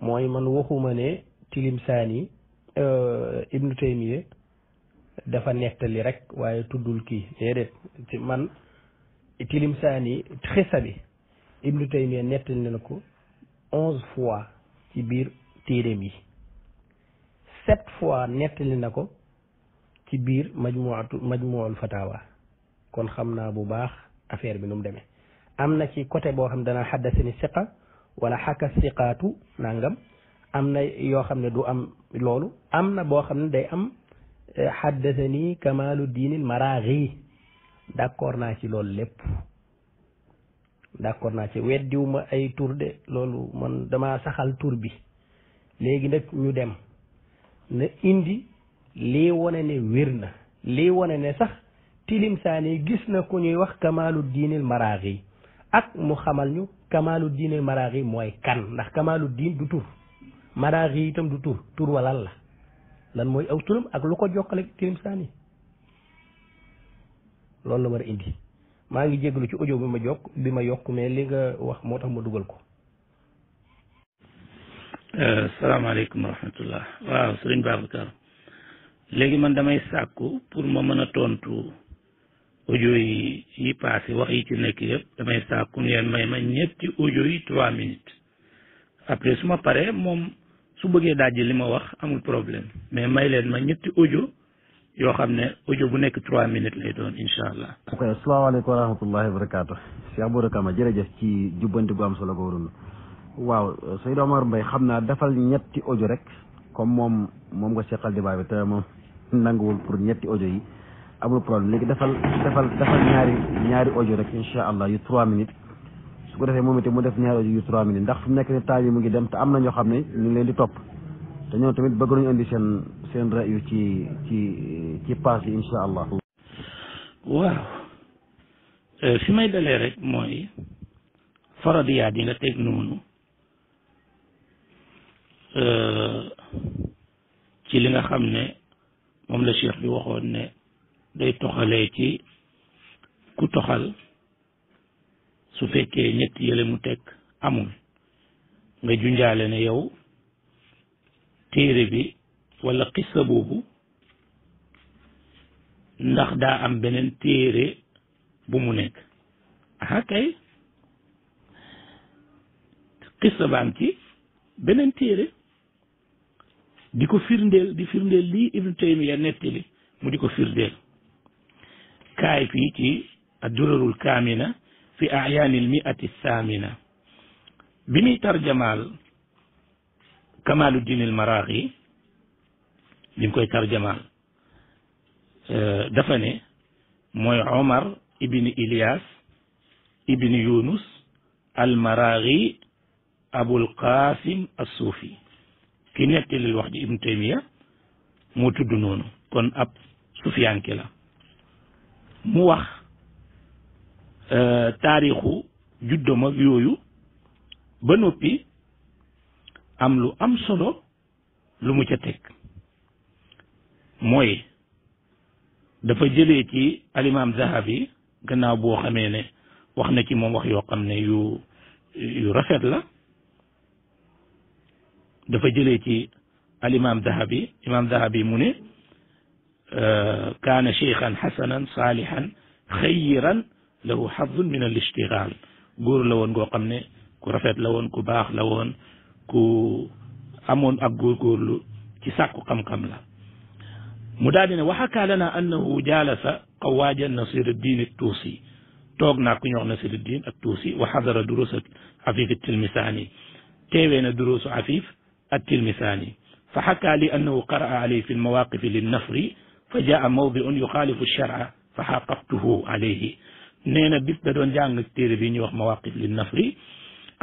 mooy man waxuma ne Tilimsaani euh, Ibnu Taymiya dafa nettali rek waaye tuddul kii déedéet ci man Tilimsaani bi Ibnu Taymiya nettali na ko onze fois ci biir téeréem yi. sept fois nettali na ko ci biir majmuatu majmuul fatawa kon xam naa bu baax affaire bi nu mu demee am na ci côté boo xam dana xaddasani siqa wala xaka siqaatu nangam am na yoo xam ne du am loolu am na boo xam ne day am xaddasani eh, kamaalu diinil maraaxi d'accord naa ci loolu lépp d'accord naa ci weddiwu ma ay tur loolu man dama saxal tur bi léegi nag ñu dem na indi lii wane ne wér na lii wane ne sax tilimsaani gis na ku ñuy wax kamaalu diinil maraax yi ak mu xamal ñu kamaalu diinil maraax mooy kan ndax kamaalu diin du tur maraax yi itam du tur tur wala la lan mooy aw turam ak lu ko jokkale tilimsaani loolu la war a indi maa ngi jégalu ci audio bi ma jokk bi ma yokk mais li nga wax moo tax ma dugal ko Eh, salaamaaleykum wa rahmatullah waaw sëriñ Babacar léegi man damay sàkku pour ma mën a tontu audio yi yi wax yi ci nekk yëpp damay sàkku ngeen may ma ñetti audio yi trois minutes après su ma paree moom su bëggee dajji li ma wax amul problème mais may leen ma ñetti audio yoo xam ne audio bu nekk trois minutes lay doon incha allah. ok asalaamaaleykum wa rahmatullahi wa barakaatu. Cheikh Bourou jërëjëf ci jubbanti bu am solo boobu waaw Seydou Omar Mbaye xam naa defal ñetti audio rek comme moom moom nga seqal débat bi te moom nanguwul pour ñetti ojo yi amul problème léegi defal defal defal ñaari ñaari audio rek incha allah yu trois minutes su ko defee moom itam mu def ñaari audio yu trois minutes ndax fu nekk nii temps yi mu ngi dem te am na ñoo xam ne ñu ngi leen di topp te ñoom tamit bëgg nañu indi seen seen rayu ci ci ci paas yi incha allah. waaw euh, fi may dalee rek mooy faradiyaat yi nga teg noonu. Euh, ci li nga xam ne moom la cheikh bi waxoon ne day toxalee ci ku toxal su fekkee ñett yële mu teg amul nga junjaale ne yow téere bi wala xissa boobu ndax daa am beneen téere bu mu nekk aha kay xissa baam ci beneen téere di ko firndeel di firndeel lii ibnu taymiya nettali mu di ko firndeel kaay fii ci addurarul kaamila fi ayaanil miati saamina bi muy tarjamaal Kamaaluddin al-Maraaxi bi mu koy tarjamaal euh, dafa ne mooy Omar ibni Ilyas ibni Yunus al-Maraaxi Abul Qaasim as-Suufi ki nettali wax ji ibnu taymiya moo tudd noonu kon ab sufiyanke la mu wax euh, taarixu juddom ak yooyu ba noppi am lu am solo lu mu ca teg mooy dafa jëlee ci alimaam yi gannaaw boo xamee ne wax na ci moom wax yoo xam ne yu yu rafet la dafa jëlee ci al imam dahabi imam dahabi mu ne euh, kaana cheikhan xasanan saalihan xayiran lahu xadun min al ishtigal góor la woon goo xam ne ku rafet la woon ku baax la woon ku amoon ak góorgóorlu ci sàkku xam-xam la mu daal di ne waxakaa lana annahu jaalasa qawaaja nasiruddin ak tuusi toog naa ku ñox nasiruddin ak tuusi wa xadara durusa afif tilmisaani teewee na durusu afif التلمساني فحكى لي أنه قرأ عليه في المواقف للنفر فجاء موضع يخالف الشرع فحاقبته عليه nee na bis da doon jàng téere bi ñuy wax mawaqif li nafri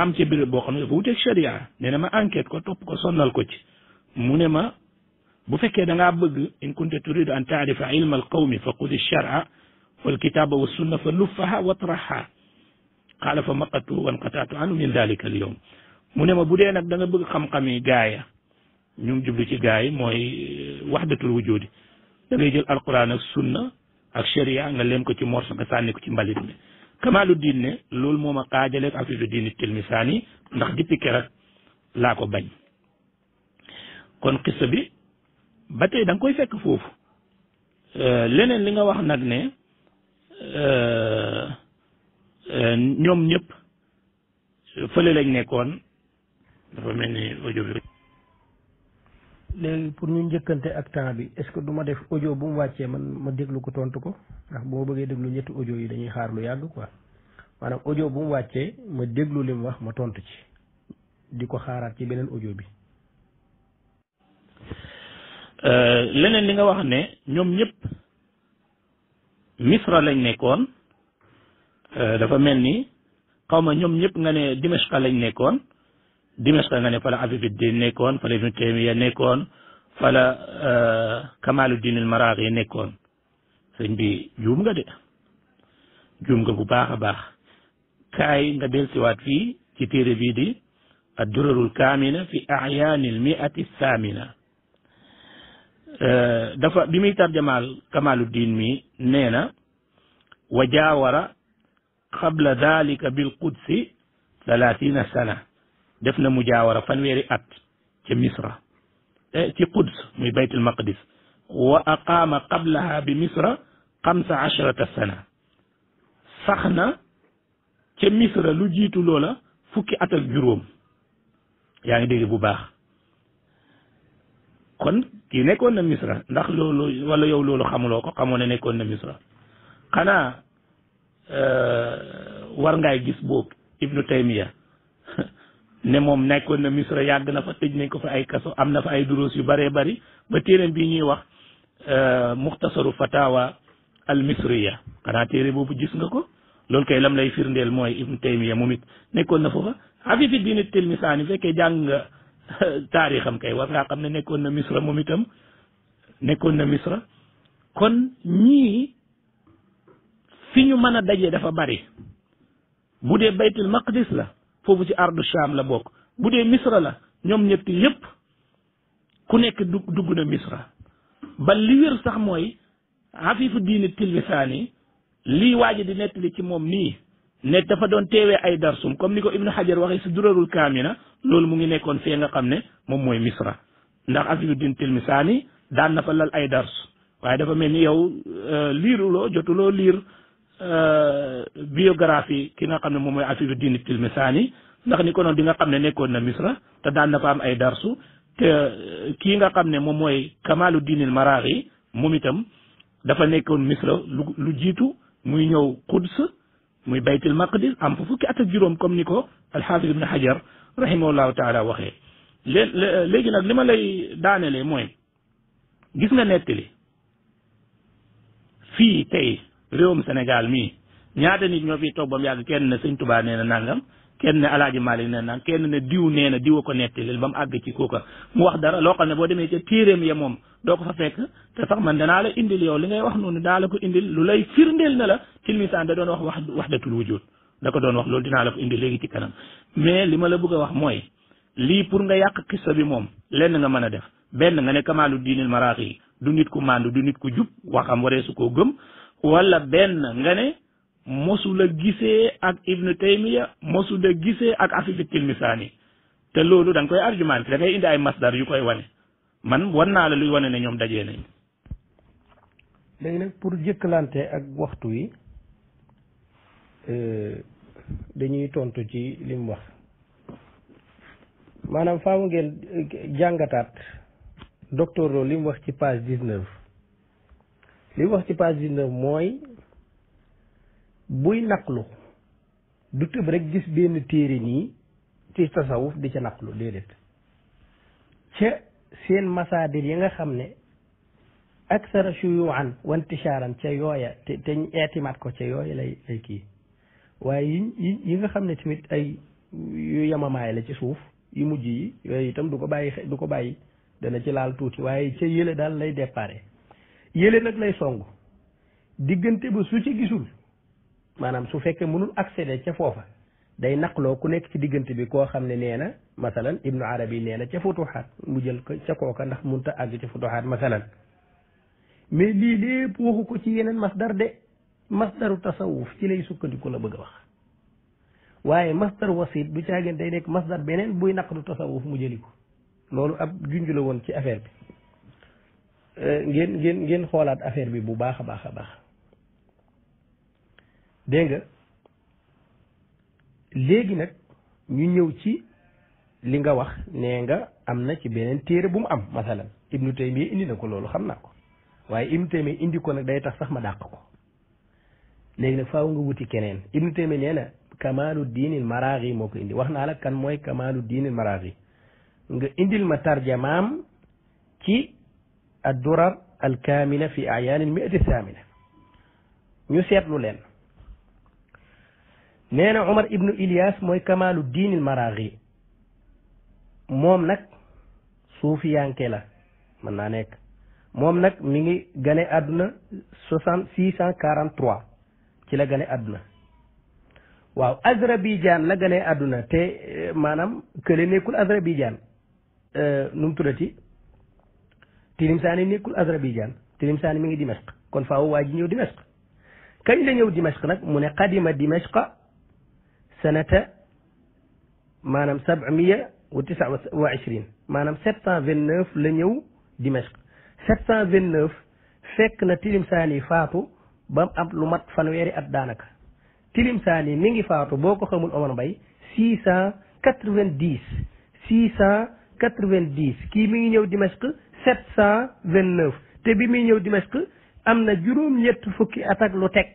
am ci béréb boo xam ne dafa wuteeg sharia nee na ma enquête ko topp ko sonnal ko ci mu ne ma bu fekkee da ngaa bëgg in kunta turidu an taarifa ilma alqawmi fa xudi lchara walkitaba wa sunna fa luffaha watraha qaala fa maqatu wanqataatu anhu min dalika alyawm mu ne ma bu dee nag danga bëgg xam-xam yi gaaya ñu jublu ci gaa yi mooy euh, wahdatul wujudi da ngay jël alquran ak sunna ak sharia nga lem ko ci morso nga sànni ko ci mbalit mi kamalu diin ne loolu moom a xaajaleeg afisu diini tilmisaani ndax dippi keroog laa ko bañ kon xissa bi ba tey da koy fekk foofu euh, leneen li nga wax nag ne euh, ñoom ñëpp fële lañ nekkoon dafa mel ni audio bi. léegi pour ñu njëkkante ak temps bi est-ce que du ma def audio bu mu wàccee man ma déglu ko tontu ko ndax boo bëggee déglu ñetti audio yi dañuy xaar lu yàgg ko maanaam audio bu mu wàccee ma déglu li wax ma tontu ci di ko xaaraat ci beneen audio bi. Euh, leneen li nga wax ne ñoom ñëpp misra lañ nekkoon euh, dafa mel ni xaw ma ñoom ñëpp nga ne dimashqa lañ nekkoon. dimashqa nga ne fa la afifiddin nekkoon fa la ibnu taymiya nekkoon fa la uh, kamaluddin al maraaxi nekkoon sëñ bi juum nga de juum nga bu baax a baax kaay nga delsiwaat fii ci téere bii di addurarul kaamina fi ayaanil miati saamina uh, dafa bi muy tarjamaal kamaluddin mi nee na wa jaawara qabla dalika bilqudsi thalathina sana def na mujaawara fanweeri at ca misra eh, ci quds muy baytul maqdis wa aqaama qablaha bi misra xamsa ashrata sana sax na ca misra lu jiitu loola fukki at juróom yaa ngi dégg bu baax kon kii nekkoon na misra ndax loolu wala yow loolu xamuloo ko xamoo na nekkoon na misra xanaa eh, war ngay gis boobu ibnu taymiya ne moom nekkoon na misra yàgg na fa tëj nañ ko fa ay kaso am na fa ay duruus yu baree bari ba téereem bii ñuy wax euh, muxtasaru fatawa al misriya xanaa téere boobu gis nga ko loolu kay lam lay firndeel mooy ibnu taymiya moom it nekkoon na foofa afifi diine tilmisaani fekkee jàng nga taarixam kay war ngaa xam ne nekkoon na misra moom itam nekkoon na misra kon ñii fi ñu mën a dajee dafa bari bu dee baytul maqdis la foofu ci ardu Sham la bokk bu dee Misra la ñoom ñett yépp ku nekk du dugg na Misra ba li sax mooy Afifu diini Tilmisaani lii waaji di nettali ci moom nii ne dafa doon teewee ay darsum comme ni ko Ibnu Hajar waxee si durarul kaamina loolu mu ngi nekkoon fee nga xam ne moom mooy Misra ndax Afifu diini Tilmisaani daan na fa lal ay dars waaye dafa mel ni yow euh, liiruloo jotuloo liir Euh, biographie ki nga xam ne moom mooy afifu diini tilmisaani ndax ni ko noonu di nga xam ne nekkoon na misra te daan na fa am ay darsu te euh, kii nga xam ne moom mooy kamalu diinil maraaxi moom itam dafa nekkoon misra lu lu jiitu muy ñëw Quds muy baytil maqdis am fa fukki at ak juróom comme ni ko alxaafis ibne xajar rahimahullahu taala waxee léegi nag li ma lay daanelee mooy gis nga nettali fii tey réewum senegal mii ñaata nit ñoo fiy toog ba mu yàgg kenn ne sëñ Tuubaa nee na nangam kenn ne Alaaji Maalik nee na nangam kenn ne diw nee na ko a ko nettalil ba mu àgg ci kooka mu wax dara loo xam ne boo demee ca téeréem ya moom doo ko fa fekk te sax man danaa la indil yow li ngay wax noonu daa la ko indil lu lay firndeel na la tilmisaan da doon wax wax tul wujuud da ko doon wax loolu dinaa la ko indil léegi ci kanam mais li ma la bëgg a wax mooy lii pour nga yàq xissa bi moom lenn nga mën a def benn nga ne kamaalu diinil maraax yi du nit ku màndu du nit ku jub waxam waree su koo gëm wala benn nga ne mosula gisee ak ibnu mosul a gisee ak afifi tilmisaani te loolu da koy argumenté da ngay indi ay masdar yu koy wane man wan naa la luy wane ne ñoom dajee nañ léegi nag pour jëkkalante ak waxtu wi euh, dañuy tontu ci li wax maanaam faamu ngeen euh, jàngataat docteur loolu li mu wax ci page dix li wax ci page dix mooy buy naqlu du tëb rek gis benn téere nii ci tasawuf di ca naqlu déedéet ca seen masaadir yi nga xam ne aksara shuyuan wantisharan ca yooya te te ñu eetimaat ko ca yooya lay kii waaye yi yi nga xam ne tamit ay yu yamamaay la ci suuf yu mujj yi yooyu itam du ko bàyyi du ko bàyyi dana ci laal tuuti waaye ca yële daal lay déparé yële nag lay song diggante ba su ci gisul maanaam su fekkee mënul accéder ca foofa day naqloo ku nekk ci diggante bi koo xam ne nee na masalan ibnu arabi nee na ca futuxaat mu jël ko ca kooka ndax mun ta àgg ca futuxaat masalan mais lii lépp waxu ko ci yeneen masdar de masdaru tasawuf ci lay sukkandiku la bëgg a wax waaye masdar wasit du caageen day nekk masdar beneen buy naqlu tasawuf mu jëli ko loolu ab junj la woon ci affaire bi Euh, ngeen ngeen ngeen xoolaat affaire bi bu baax a baax a baax dégg nga léegi nag ñu ñëw ci li nga wax nee nga am na ci beneen téere bu mu am masalan ibnu taymiya indi na ko loolu xam naa ko waaye ibnu taymiya indi ko nag day tax sax ma dàq ko léegi nag faaw nga wuti keneen ibnu taymiya nee na kamaalu diinil maraaxi moo ko indi wax naa la kan mooy kamaalu diinil maraaxi nga indil ma tarjamaam ci addurar alkaamila fi ayaanil miati saamina ñu seetlu leen nee na Omar Ilyas mooy kamaalu diinil maraaxi moom nag suufiyanke la mën naa nekk moom nag mi ngi gane àdduna soixante six cent quarante trois ci la gane àdduna waaw Azerbaïdjan la gane àdduna te eh, maanaam kële nekkul Azerbaïdjan eh, nu mu tuddati Tilimsaani nekkul Azerbaïdjan Tilimsaani mi ngi Dimashq kon faaw waa ji ñëw Dimashq kañ la ñëw Dimashq nag mu ne qadima Dimashq sanata maanaam sab'miya wa tisa wa ishrin maanaam sept cent vingt neuf la ñëw Dimashq sept cent vingt neuf fekk na Tilimsaani faatu ba am lu mat fanweeri at daanaka Tilimsaani mi ngi faatu boo ko xamul Omar Mbaye six cent quatre-vingt-dix six cent quatre-vingt-dix kii mi ngi ñëw Dimashq sept cent vingt neuf te bi muy ñëw Dimashq am na juróom-ñett fukki at ak lu teg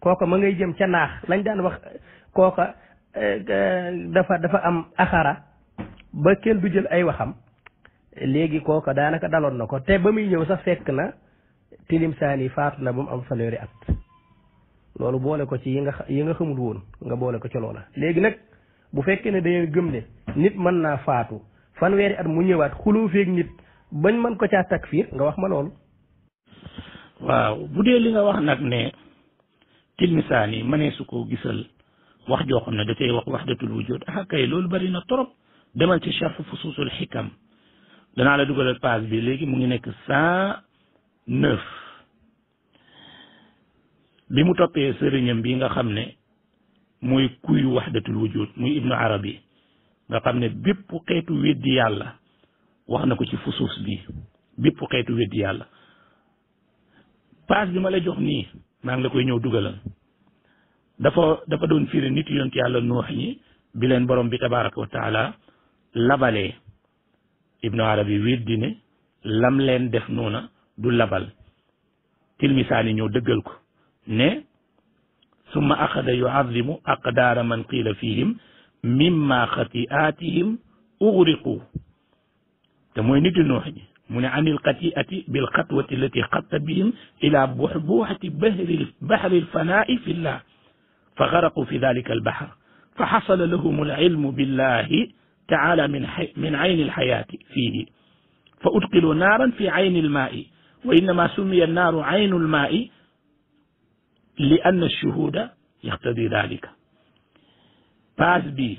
kooka ma ngay jëm ca naax lañ daan wax kooka eh, eh, dafa dafa am axara ba kenn du jël ay waxam léegi kooka daanaka daloon na ko te ba muy ñëw sax fekk na tilim saani faatu na ba mu am fanweeri at loolu boole ko ci yi nga yi nga xamul woon nga boole ko ci loola léegi nag bu fekkee ne dañuy gëm ne nit mën naa faatu fanweeri at mu ñëwaat xuloo feeg nit bañ man ko caa takfiir nga wax ma loolu waaw bu dee li nga wax nag ne tilmisaan yi mënee su ko gisal wax joo xam ne da cay wax waxdatul wujud ah kay loolu bari na trop demal ci charx fusuusul xikam danaa la dugalal page bi léegi mu ngi nekk cent neuf bi mu toppee sëriñam bi nga xam ne mooy kuy waxdatul wujud muy ibnu arabi nga xam ne bépp xeetu weddi yàlla wax na ko ci fusuus bi bépp xeetu weddi yàlla paas bi ma la jox nii maa ngi la koy ñëw dugalal dafa dafa doon firi nit yonent yàlla nuux ñi bi leen borom bi tabaraka wa taala labalee ibnu arabi weddi ne lam leen def noona du labal tilmisaani ñëw dëggal ko ne summa axada yuazimu aqdaara man qiila fihim mimma xatiaatihim uxriqu te mooy nitu noox ñi mu ne anil xatiati bil xatwati lati xatta bihim ila buxbuxati bahri bahri lfanaai fi llah fa garaqu fi dalika albaxar fa xasala lahum alilmu billahi taala min min ayni alxayaati fiihi fa utqilu naaran fi ayni almaai wa innama summiya annaaru aynu almaai li anna alshuhuda yaxtadi dalika paas bi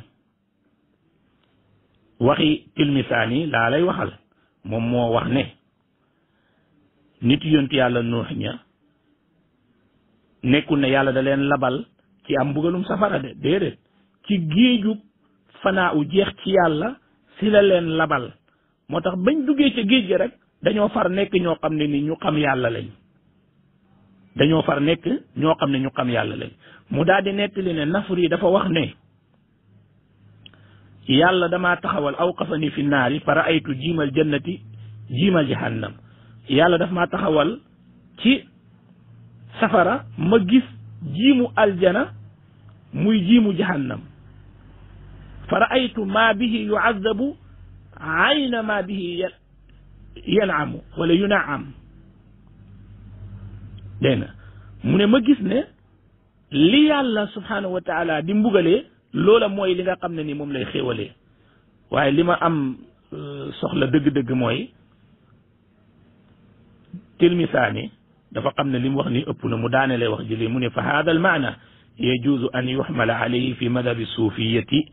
waxi tilmisaani laa lay waxal moom moo wax ne nit yont yàlla nuux ña nekkul na yàlla da leen labal ci am bugalum safara de déedéet ci géeju fanaa u jeex ci yàlla si la leen labal moo tax bañ duggee ca géej gi rek dañoo far nekk ñoo xam ne ni ñu xam yàlla lañ dañoo far nekk ñoo xam ne ñu xam yàlla lañ mu daal di nettali ne nafar yi dafa wax ne yàlla damaa taxawal awqafani fi naari fa raaytu jiimal jannati jiimal jahannam yàlla daf maa taxawal ci safara ma gis jiimu aljana muy jiimu jahannam fa raaytu maa bihi yuazabu ayna maa bihi yanaamu wala yunaam dégg na mu ne ma gis ne li yàlla subhanahu wa taala di mbugalee loola mooy li nga xam ne ni moom lay xéewalee waaye li ma am euh, soxla dëgg-dëgg mooy tilmisaani dafa xam ne li mu wax ni ëpp na mu daanelee wax ji lii mu ne fa haada al maana yajuuzu an yuxmala alayhi fi madhabi suufiyati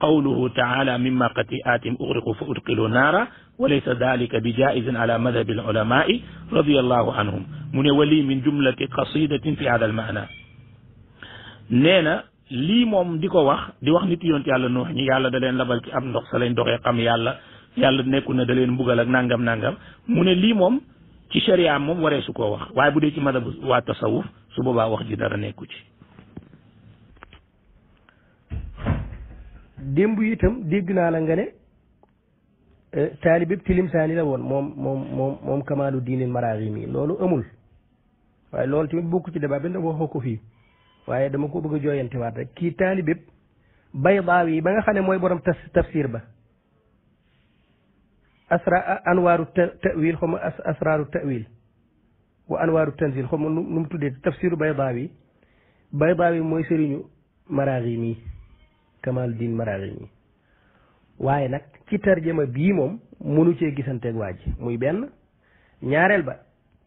qawluhu taala mimma qati'aatim uxriqu fa udqilu naara wa laysa dalika bi jaizin ala madhabi al ulamaai radiallahu anhum mu ne wali min jumlati qasidatin fi haada al maana nee na lii moom di ko wax di wax nit yonent yàlla noox ñi yàlla da leen labal ci am ndox sa lañ doxee xam yàlla yàlla nekku na da leen mbugal ak nàngam nangam mu ne lii moom ci sharia moom waree su koo wax waaye bu dee ci madabu waa tasawuf su boobaa wax di dara nekku ci démb itam dégg naa la nga ne euh, taalibib tilimsaani la woon moom moom moom moom kamaalu diinin maraaxi mi loolu amul waaye loolu tamit bokk ci débat benn ndax waxoo ko fii waaye dama ko bëgg a jooyantiwaat rek kii taalibib baydaawi yi ba nga xam ne mooy borom tafsir ba asra anwaaru tawil xaw ma asraaru tawil wa anwaaru tanzil xaw ma nu mu tuddee tafsiru baydaawi baydaawi mooy sëriñu Maraghimi Kamaluddin Maraghimi waaye nag ci tarjama bii moom mënu cee gisanteeg waa ji muy benn ñaareel ba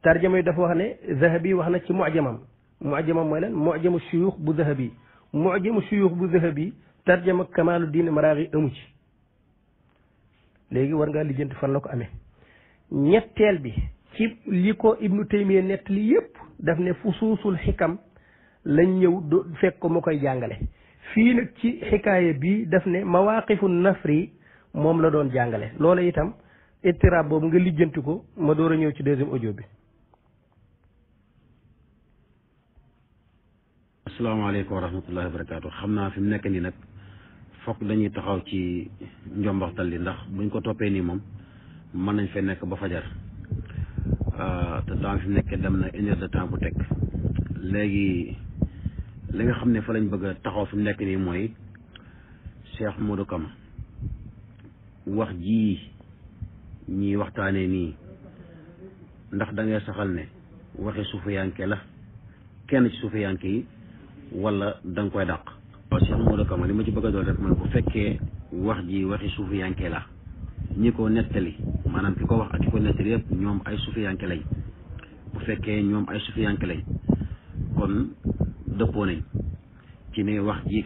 tarjama yi dafa wax ne zahabi wax na ci mujamam mujamam mooy lan mujamu suyuux bu dahabi mujamu suyuux bu dahabi tarjama kamaalu diin maraaxi amu ci léegi war ngaa lijjanti fan la ko amee ñetteel bi ci li ko ibnu taymiya nett li yépp daf ne fusuusul xikam lañ ñëw do fekk ko ma koy jàngale fii nag ci xikaaya bi daf ne mawaaqifu nafri moom la doon jàngale loola itam itiraab boobu nga lijjanti ko ma door a ñëw ci deuxième audio bi asalaamaaleykum wa rahmatullahi wa barakaatu xam naa fi mu nekk nii nag fokk dañuy taxaw ci njombaxtal li ndax buñ ko toppee nii moom mën nañ fay nekk ba fajar ah, te temps fi mu dem na une heure temps bu teg léegi li nga xam ne fa lañ bëgg taxaw fi mu nekk nii mooy Cheikh Modou wax ji ñiy waxtaanee nii ndax da ngay saxal ne waxi suufiyanke la kenn ci suufiyanke yi wala da nga koy dàq waaw Cheikh ci bëgg a doon rek mooy bu fekkee wax ji la ñi ko nettali maanaam ki ko wax ko ñoom ay suufiyanke lañ bu fekkee ñoom ay suufiyanke lañ kon dëppoo nañ ci wax jii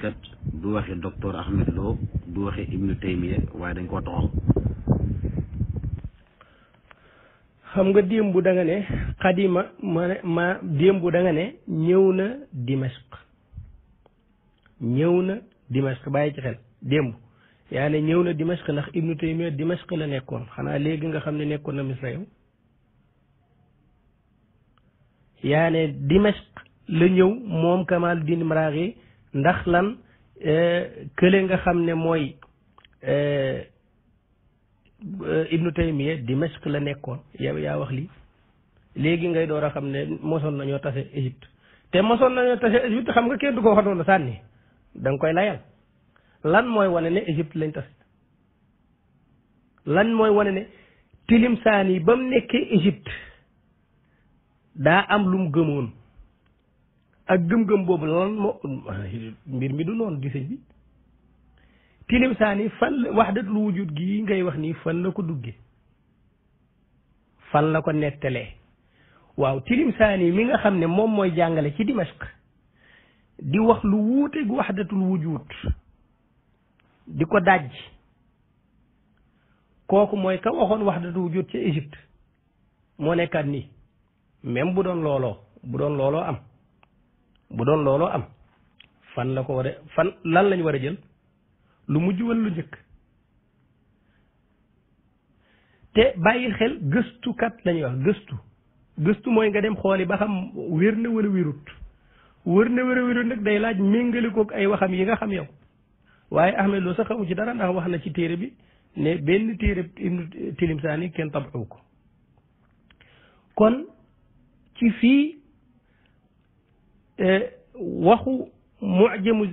du waxi docteur Ahmed du waxi Ibnu Taymiya dañ koo toxal xam nga démb da nga ne xadima ma ma démb da ne ñëw na Dimashq ñëw na Dimashq bàyyi ci xel démb yaa ne ñëw na Dimashq ndax Ibnu Taymiya Dimashq la nekkoon xanaa léegi nga xam ne nekkoon na Misra yow yaa ne Dimashq la ñëw moom Kamaluddin yi ndax lan eh, kële nga xam ne mooy eh, Ibnu Taymiya Dimashq la nekkoon yow yaa wax lii léegi ngay door a xam ne mosoon nañoo tase Égypte te mosoon nañoo tase Égypte xam nga kenn du ko wax noonu sànni da nga koy layal lan mooy wane ne Égypte lañ tasit lan mooy wane ne tilimsaan yi ba mu nekkee Égypte daa am lu mu gëmoon ak gëm-gëm boobu lan moo mbir mi du noonu di sëñ bi tilimsaan yi fan wahdatul wujud gi ngay wax nii fan la ko dugge fan la ko nettalee waaw tilimsaan yi mi nga xam ne moom mooy jàngale ci Dimashq di wax lu wuuteeg waxdatul wujud di ko dajj kooku mooy ka waxoon waxdatul wujud ci Égypte moo nekkaat nii même bu doon looloo bu doon looloo am bu doon looloo am fan la ko war fan lan lañ war a jël lu mujj wala lu jëkk te bàyyi xel gëstukat lañuy wax gëstu gëstu mooy nga dem xooli ba xam wér na wala wérut wër na wër a nag day laaj méngale koog ay waxam yi nga xam yow waaye Ahmed loo sax xamu ci dara ndax wax na ci téere bi ne benn téere ibnu tilimsaani kenn tabaxu ko kon ci fii eh, waxu mujamu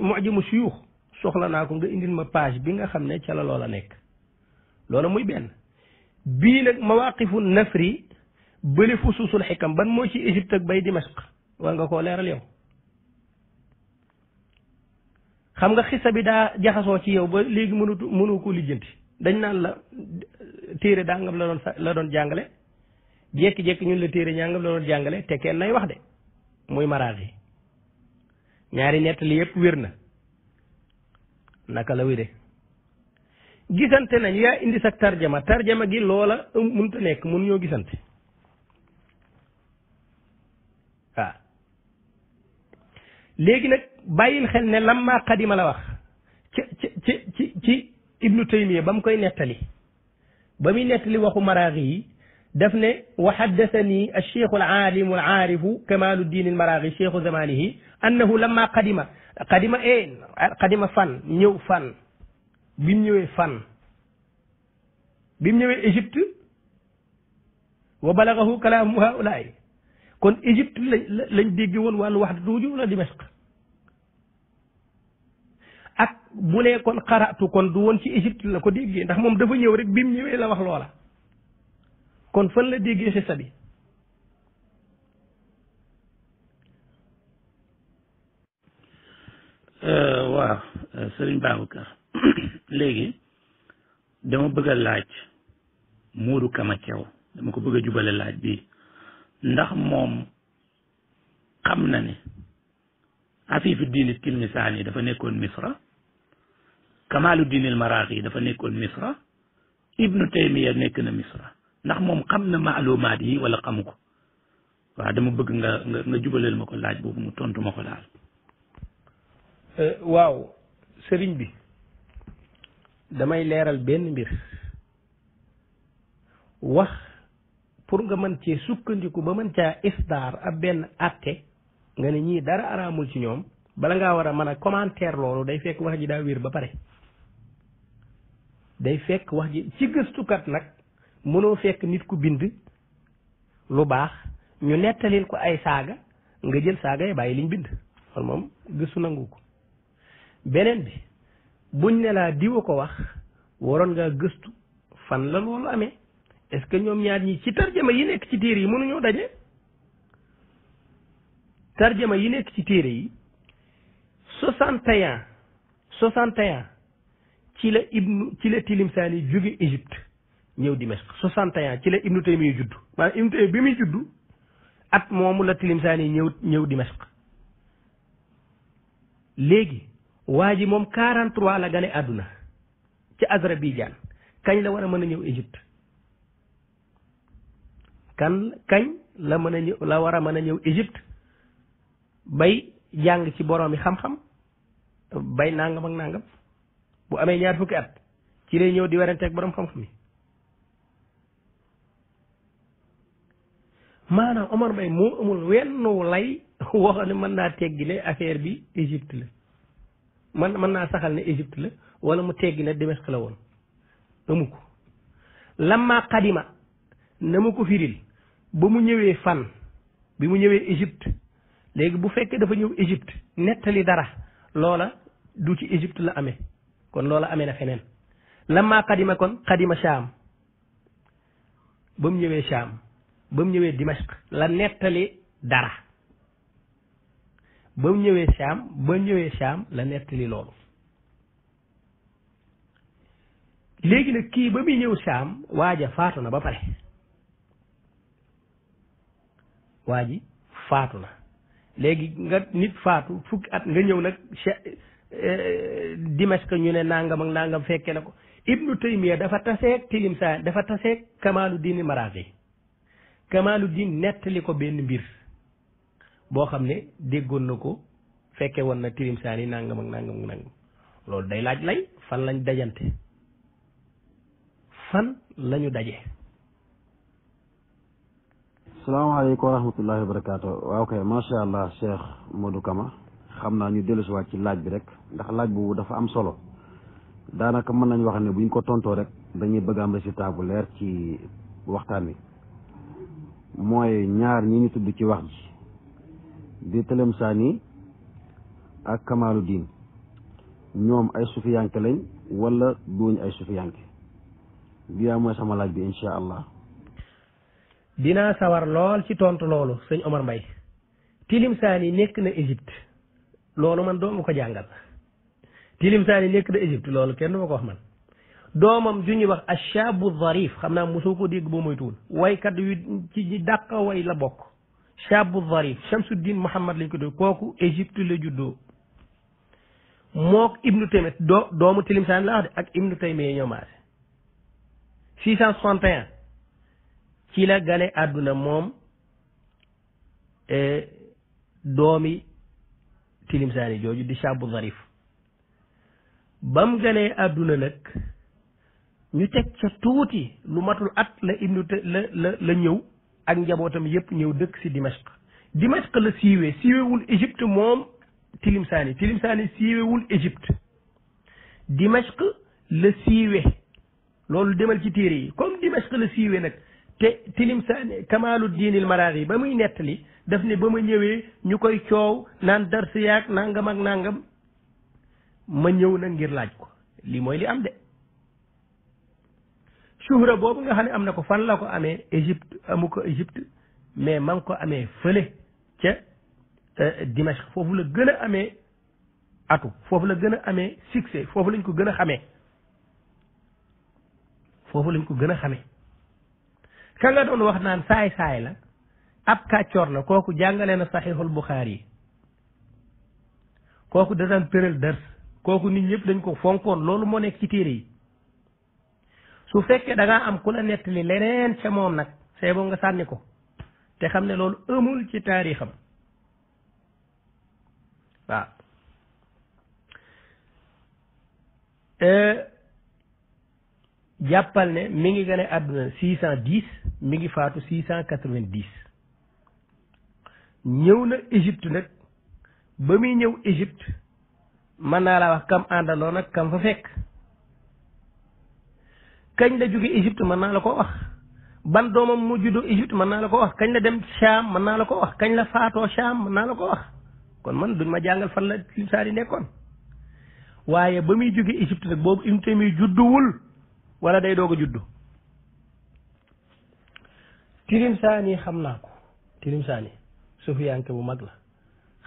mujamu suyuux soxla naa ko nga indil ma page bi nga xam ne ca la loola nekk loola muy benn bii nag mawaqifu nafri bële fusuusul xikam ban moo ci Égypte ak bay Dimashq war nga koo leeral yow xam nga xissa bi daa jaxasoo ci yow ba léegi mënutu mënu ko lijjanti dañ naan la téere dàngam la doon la doon jàngale jékki-jékki ñun la téere ñàngam la doon jàngale te kenn nay wax de muy maraas yi ñaari nettali yépp wér na naka la wéree gisante nañ yaa indi sa tarjama tarjama gi loola mënta um, nekk mun ñoo gisante léegi nag bàyyil xel ne lamma xadima la wax ci ci ci ibnu taymiya ba mu koy nettali ba muy nettali waxu maraaxi yi daf ne wa haddasani alcheikhu alaalimu alaarifu kamaluddin almaraaxi cheikhu zamanihi annahu lamma qadima qadima e qadima fan ñëw fan bi mu ñëwee fan bi mu ñëwee égypte wa balagahu kalaamu haulaay kon Égypte lañ lañ dégg woon wàllu wax du wujub la Dimashq ak bu lee kon xaraatu kon du woon ci Égypte la ko déggee ndax moom dafa ñëw rek bi mu ñëwee la wax loola kon fan la déggee xisa bi euh, waaw euh, Sëriñ Babacar léegi dama bëgg a laaj Moodu Kama Kew dama ko bëgg a jubale laaj bi ndax moom xam na ne afifu diini tilmisaani dafa nekkoon misra kamaalu diinil yi dafa nekkoon misra ibnu taymiya nekk na misra ndax moom xam na maalumaat yi wala xamu ko waaw dama bëgg nga nga nga jubaleel ma ko laaj boobu mu tontu ma ko daal euh, waaw sëriñ bi damay leeral benn mbir wax pour nga mën cee sukkandiku ba mën caa isdaar ab benn atte nga ne ñii dara araamul ci ñoom bala ngaa war a mën a commentaire loolu day fekk wax ji daa wér ba pare day fekk wax ji ci gëstukat nag mënoo fekk nit ku bind lu baax ñu nettalil ko ay saaga nga jël saaga yi bàyyi liñ bind loolu moom gëstu nangu ko beneen bi buñ ne laa diwa ko wax waroon ngaa gëstu fan la loolu amee est-ce que ñoom ñaar ñi ci tarjama yi nekk ci téere yi mënuñoo daje tarjama yi nekk ci téere yi soixante et ci la ibnu ci la Tilimsaani jóge Égypte ñëw Dimashq soixante et ci la Ibnu Taymiya judd maanaam Ibnu Taymiya bi muy judd at moomu la Tilimsaani ñëw ñëw Dimashq léegi waa ji moom quarante la gane àdduna ci Azerbaïdjan kañ la war a mën a ñëw Égypte kan kañ la mën a ñëw la war a mën a ñëw Égypte bay jàng ci borom yi xam-xam bay nangam ak nangam bu amee ñaar fukki at ci lay ñëw di werante ak borom xam-xam yi maanaam Omar Mbaye moo amul wenn lay wax mën naa teggi ne affaire bi Égypte la man mën naa saxal ne Égypte la wala mu teggi ne Dimashq la woon amu ko lamma qadima firil ba mu ñëwee fan bi mu ñëwee Égypte léegi bu fekkee dafa ñëw Égypte nettali dara loola du ci Égypte la amee kon loola amee na feneen lan lamma xadima kon xadima Saam ba mu ñëwee Saam ba mu ñëwee Dimashq la nettali dara ba mu ñëwee Saam ba ñëwee Saam la nettali loolu léegi nag kii ba muy ñëw Saam waaja faatu na ba pare waa ji faatu na léegi nga nit faatu fukki at nga ñëw nag eh, Dimashq ñu ne nangam ak nangam fekke na ko ibnu taymiya dafa taseeg tilim saa dafa taseeg kamaalu diini maraaxi kamaalu diin nettali ko benn mbir boo xam ne déggoon na ko fekke woon na tilim saa yi nangam ak loolu day laaj lay fan lañ dajante fan lañu daje salaamaaleykum wa rahmatullahi wa barakaatu waaw macha allah Cheikh Modou Kama xam naa ñu dellusiwaat ci laaj bi rek ndax laaj boobu dafa am solo daanaka mën nañu wax ne bu ñu ko tontoo rek dañuy bëgg am résultat bu leer ci waxtaan wi mooy ñaar ñi ñu tudd ci wax ji di Tëlem Sani ak Kamaalu Diin ñoom ay sufiyanke lañ wala duñ ay sufiyanke bi yaa mooy sama laaj bi incha allah. dinaa sawar lool ci tontu loolu sëñ Omar Mbay Tilimsaani nekk na Égypte loolu man doo nga ko jàngal Tilimsaani nekk na Égypte loolu kenn du ma ko wax man doomam ju ñuy wax a Achabu Zarif xam naa mosoo ko dégg boo moytuwul waykat wi ci ñi dàq way la bokk Chabu Zarif Shamsuddin Muhammad lañ ko dégg kooku Égypte la juddoo mook Ibnu Taymiya doo wax de ak Ibnu Taymiya ñoo maase 661 ci la gane àdduna moom eh, doomi tilimsaani jooju di sàbbu zarif bam ganee àdduna nag ñu teg ca tuuti lu matul at la ibnu la la ñëw ak njabootam yépp ñëw dëkk si Dimashq Dimashq la siiwee siiwewul Égypte moom tilimsaani tilimsaani siiwewul Égypte Dimashq la siiwe loolu demal ci téere yi comme Dimashq la siiwe nag te tilim sa kamaalu diinil maraax yi ba muy nettali daf ne ba ma ñëwee ñu koy coow naan darsi yaag nangam ak ma ñëw na ngir laaj ko lii mooy li am de suhra boobu nga xam ne am na ko fan la ko amee Égypte amu ko Égypte mais ma ko amee fële ca euh, Dimashq foofu la gën a amee atu foofu la gën a amee succès foofu lañ ko gën a xamee foofu lañ ko gën a xame ka doon wax naan saay-saay la ab kàccoor na kooku jàngale na saxiixul buxaari yi kooku da daan tëral kooku nit ñëpp dañ ko fonkoon loolu moo nekk ci téere yi su fekkee da am ku la nettali leneen ca nag see boo nga sànni ko te xam ne loolu amul ci taarixam waaw eh, jàppal ne mi ngi gane àdduna six cent dix mi ngi faatu six cent quatre-vingt-dix ñëw na Égypte nag ba muy ñëw Égypte mën naa la wax kam àndaloon ak kam fa fekk kañ la jóge Égypte mën naa la ko wax ban doomam mu juddoo Égypte mën naa la ko wax kañ la dem Cham mën naa la ko wax kañ la faatoo Cham naa la ko kon man duñ ma jàngal fan la lim saa nekkoon waaye ba muy jóge Égypte nag boobu Ibn Taymiya judduwul wala day doog a juddu tilim saani xam naa ko tilim saani sufiyanke bu mag la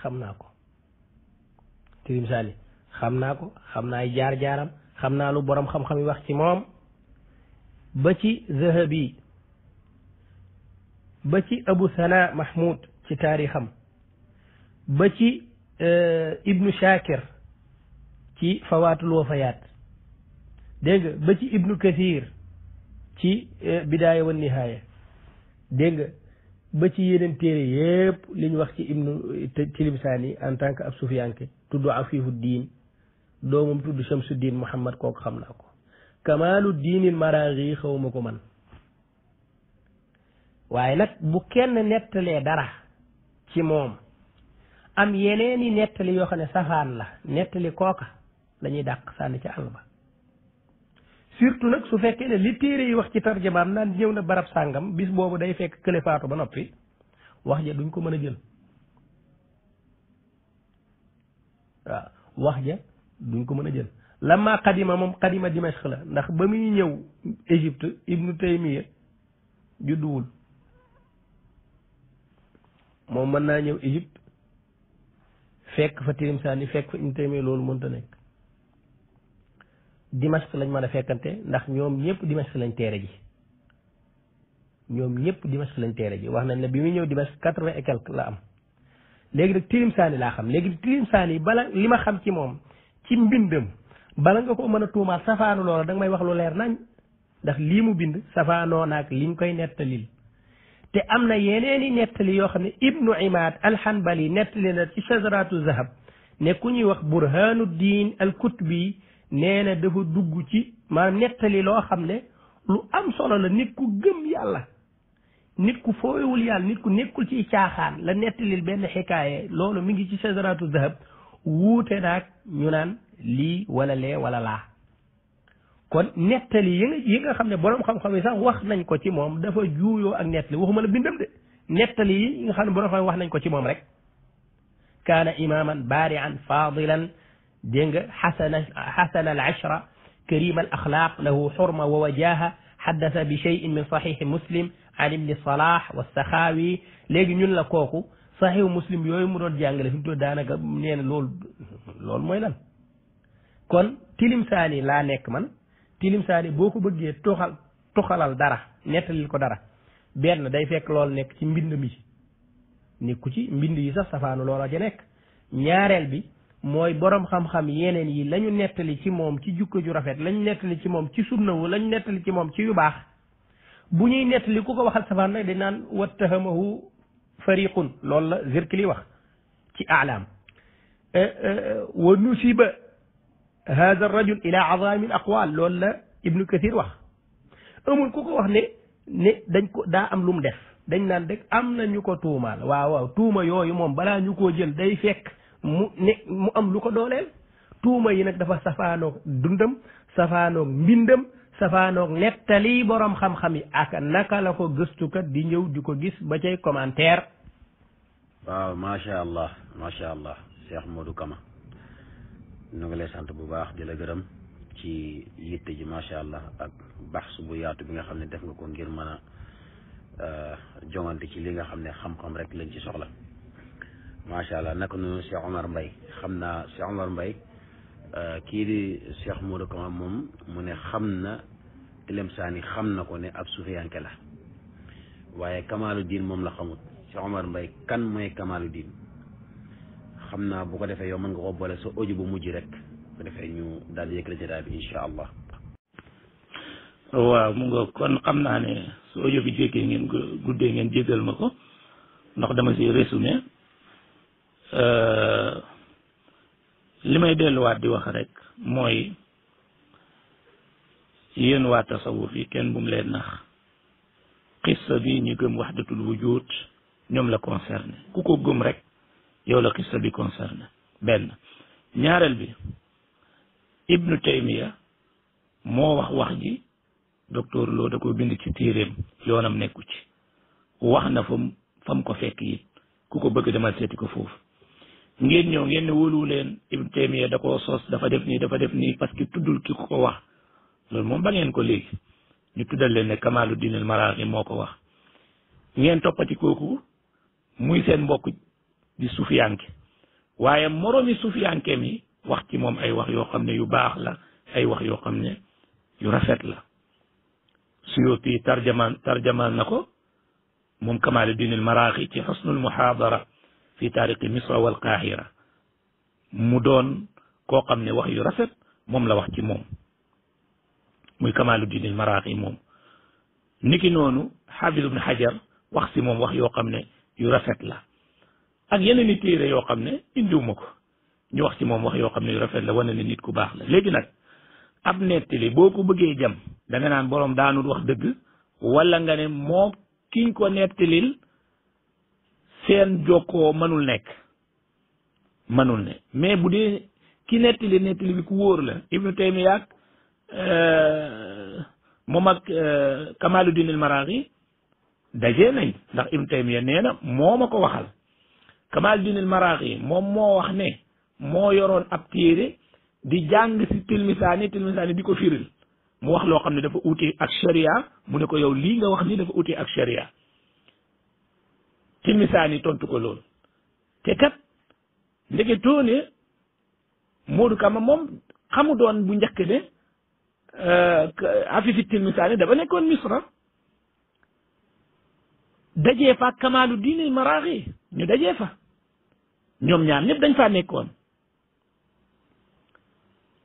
xam naa ko tilim xam naa ko xam naa ay jaar-jaaram xam naa lu borom xam-xam yi wax ci moom ba ci zahabi ba ci abu sana mahmud ci taarixam ba ci eh, ibnu shakir ci fawaatul wafayaat dégg nga ba ci ibnu kathir ci eh, bidaaya wan nihaaya dégg nga ba ci yéneen téere yépp li ñu wax ci ibnu eh, tilimsaani en tant que ab sufiyanke tudd afifu diin doomam tudd shamsu diin muhammad kooku xam naa ko kamaalu diinil maraaxi xawma ko man waaye nag bu kenn nettalee dara ci moom am yeneeni nettali yoo xam ne safaan la nettali kooka lañuy dàq sànni ca àll ba surtout nag su fekkee ne li téere yi wax ci tarjamaam naan ñëw na barab sàngam bis boobu day fekk kële faatu ba noppi wax ja duñ ko mën a jël waaw wax ja duñ ko mën a jël lamma xadima moom xadima dimashq la ndax ba muy ñëw Égypte ibnu taymiya judduwul moom mën naa ñëw Égypte fekk fa tirim fekk fa ibnu taymiya loolu mënta nekk Dimashq lañ mën a fekkante ndax ñoom ñëpp Dimashq lañ teere ji ñoom ñëpp Dimashq lañ teere ji wax nañ ne bi muy ñëw Dimashq quatre-vingt et quelque la am léegi nag tilim saani laa xam léegi tilim saani bala li ma xam ci moom ci mbindam bala nga ko mën a tuumaat safaanu loola danga may wax lu leer nañ ndax lii mu bind safaanoo naag liñ koy nettalil te am na yeneen yeneeni nettali yoo xam ne ibnu imaad alxanbali nettali na ci shajaraatu zahab ne ku ñuy wax burhaanu diin al kutbi nee na dafa dugg ci maanaam nettali loo xam ne lu am solo la nit ku gëm yàlla nit ku foowewul yàlla nit ku nekkul ci caaxaan la nettalil benn xikaaye loolu mi ngi ci sajaraatu dahab wuute naag ñu naan lii wala lee wala laa kon nettali yi nga yi nga xam ne borom xam-xam yi sax wax nañ ko ci moom dafa juuyoo ak nettali waxuma la bindam de nettali yi nga xam ne borom xam wax nañ ko ci moom rek kaan imaman baarian fadilan dégg nga xasana xasana al ashra karim al axlaaq lahu xurma wa wajaha bi cheyin min saxiixi muslim an ibni salaah wa saxaawi léegi ñun la kooku saxiixu muslim yooyu mu doon jàngale fi mu doon daanaka nee na loolu loolu mooy lan kon tilimsaani laa nekk man tilimsaani boo ko bëggee toxal toxalal dara nettalil ko dara benn day fekk lool nekk ci mbind mi nekku ci mbind yi sax safaanu loola ja nekk ñaareel bi mooy borom xam-xam yeneen yi lañu nettali ci moom ci jukka ju rafet la ñu nettali ci moom ci sunnawu la ñu nettali ci moom ci yu baax bu ñuy nettali ku ko waxal safaan nag di naan wattahamahu fariqun lool la zirkili wax ci aalaam eh, eh, wa nusiba hada rajul ila azamil aqwal lool la ibnu kathir wax amul ku ko wax ni ne dañ ko daa am lu mu def dañ naan rek am na ñu ko tuumaal waaw tuuma yooyu moom balaa ñu koo jël day fekk mu ne mu am lu ko dooleel tuuma yi nag dafa safaanoog dundam safaanoog mbindam safaanoog nettali borom xam-xam yi ak naka la ko gëstukat di ñëw di ko gis ba cay commentaire waaw macha allah macha allah Cheikh Modou Kama ñu ngi lay sant bu baax di la gërëm ci yitte ji macha allah ak baax bu yaatu bi nga xam ne def nga ko ngir mën a euh, jongante ci li nga xam ne xam-xam rek lañ ci soxla macha allah naka noonu Cheikh Omar Mbaye xam naa Cheikh Omar Mbaye euh, kii di Cheikh Modou Kama moom mu ne xam na Ilimsaani xam na ko ne ab sufiyanke la waaye Kamaalu diin moom la xamut Cheikh Omar Mbaye kan mooy Kamaalu diin xam naa bu ko defee yow mën nga ko boole sa audio bu mujj rek bu defee ñu daal di yëkkale jotaay bi incha allah. waaw mu nga kon xam naa ne su audio bi jékkee ngeen guddee ngeen jéggal ma ko ndox dama si résumé. Euh, li may delluwaat di wax rek mooy yéen waa tasawuf yi kenn bu mu leen nax xissa bi ñu gëm waxdatul wujud ñoom la concerné ku ko gëm rek yow la xissa bi concerné benn ñaareel bi ibnu taymiya moo wax wax ji docteur loo da ko bind ci téeréem yoonam nekku ci wax na fa fam ko fekk it ku ko bëgg demal seeti ko foofu ngeen ñëw ngeen ne wóoluwu leen Ibn Taymiya da koo sos dafa def nii dafa def nii parce que tuddul ki ko wax loolu moom ba ngeen ko léegi ñu tuddal leen ne Kamaalu Diinil Maraaxi moo ko wax ngeen toppati kooku muy seen mbokk di suufiyanke waaye moroomi suufiyanke mi wax ci moom ay wax yoo xam ne yu baax la ay wax yoo xam ne yu rafet la Suyuuti tarjamaan tarjamaan na ko moom Kamaalu Diinil Maraaxi ci xusnul muhaadara fi taarixi misra wal qahira mu doon koo xam ne wax yu rafet moom la wax ci moom muy Kamaaluddin al Maraaxi moom niki noonu xaafis ibnu xajar wax si moom wax yoo xam ne yu rafet la ak yeneen i téere yoo xam ne indiwuma ko ñu wax si moom wax yoo xam ne yu rafet la wane ne nit ku baax la léegi nag ab nettali boo ko bëggee jam da naan boroom daanul wax dëgg walla nga ne moo kiñ ko nettalil seen jokkoo mënul nekk manul ne mais bu dee ki nettali nettali bi ku wóor la ibnu taymiya ak euh, moom ak euh, Kamaluddin al-Maraghi dajee nañ ndax ibnu taymiya nee na moo ma ko waxal Kamaluddin al yi moom moo wax ne moo yoroon ab téere di jàng si tilmisaani tilmisaani di ko firil mu wax loo xam ne dafa uti ak sharia mu ne ko yow lii nga wax nii dafa uti ak sharia ci misaani tontu ko loolu te kat ndeke toone Modou Kama moom xamu doon bu njëkk ne euh, afifi til dafa nekkoon misra dajee fa kamaalu diine maraaxi ñu dajee fa ñoom ñaar ñëpp dañ faa nekkoon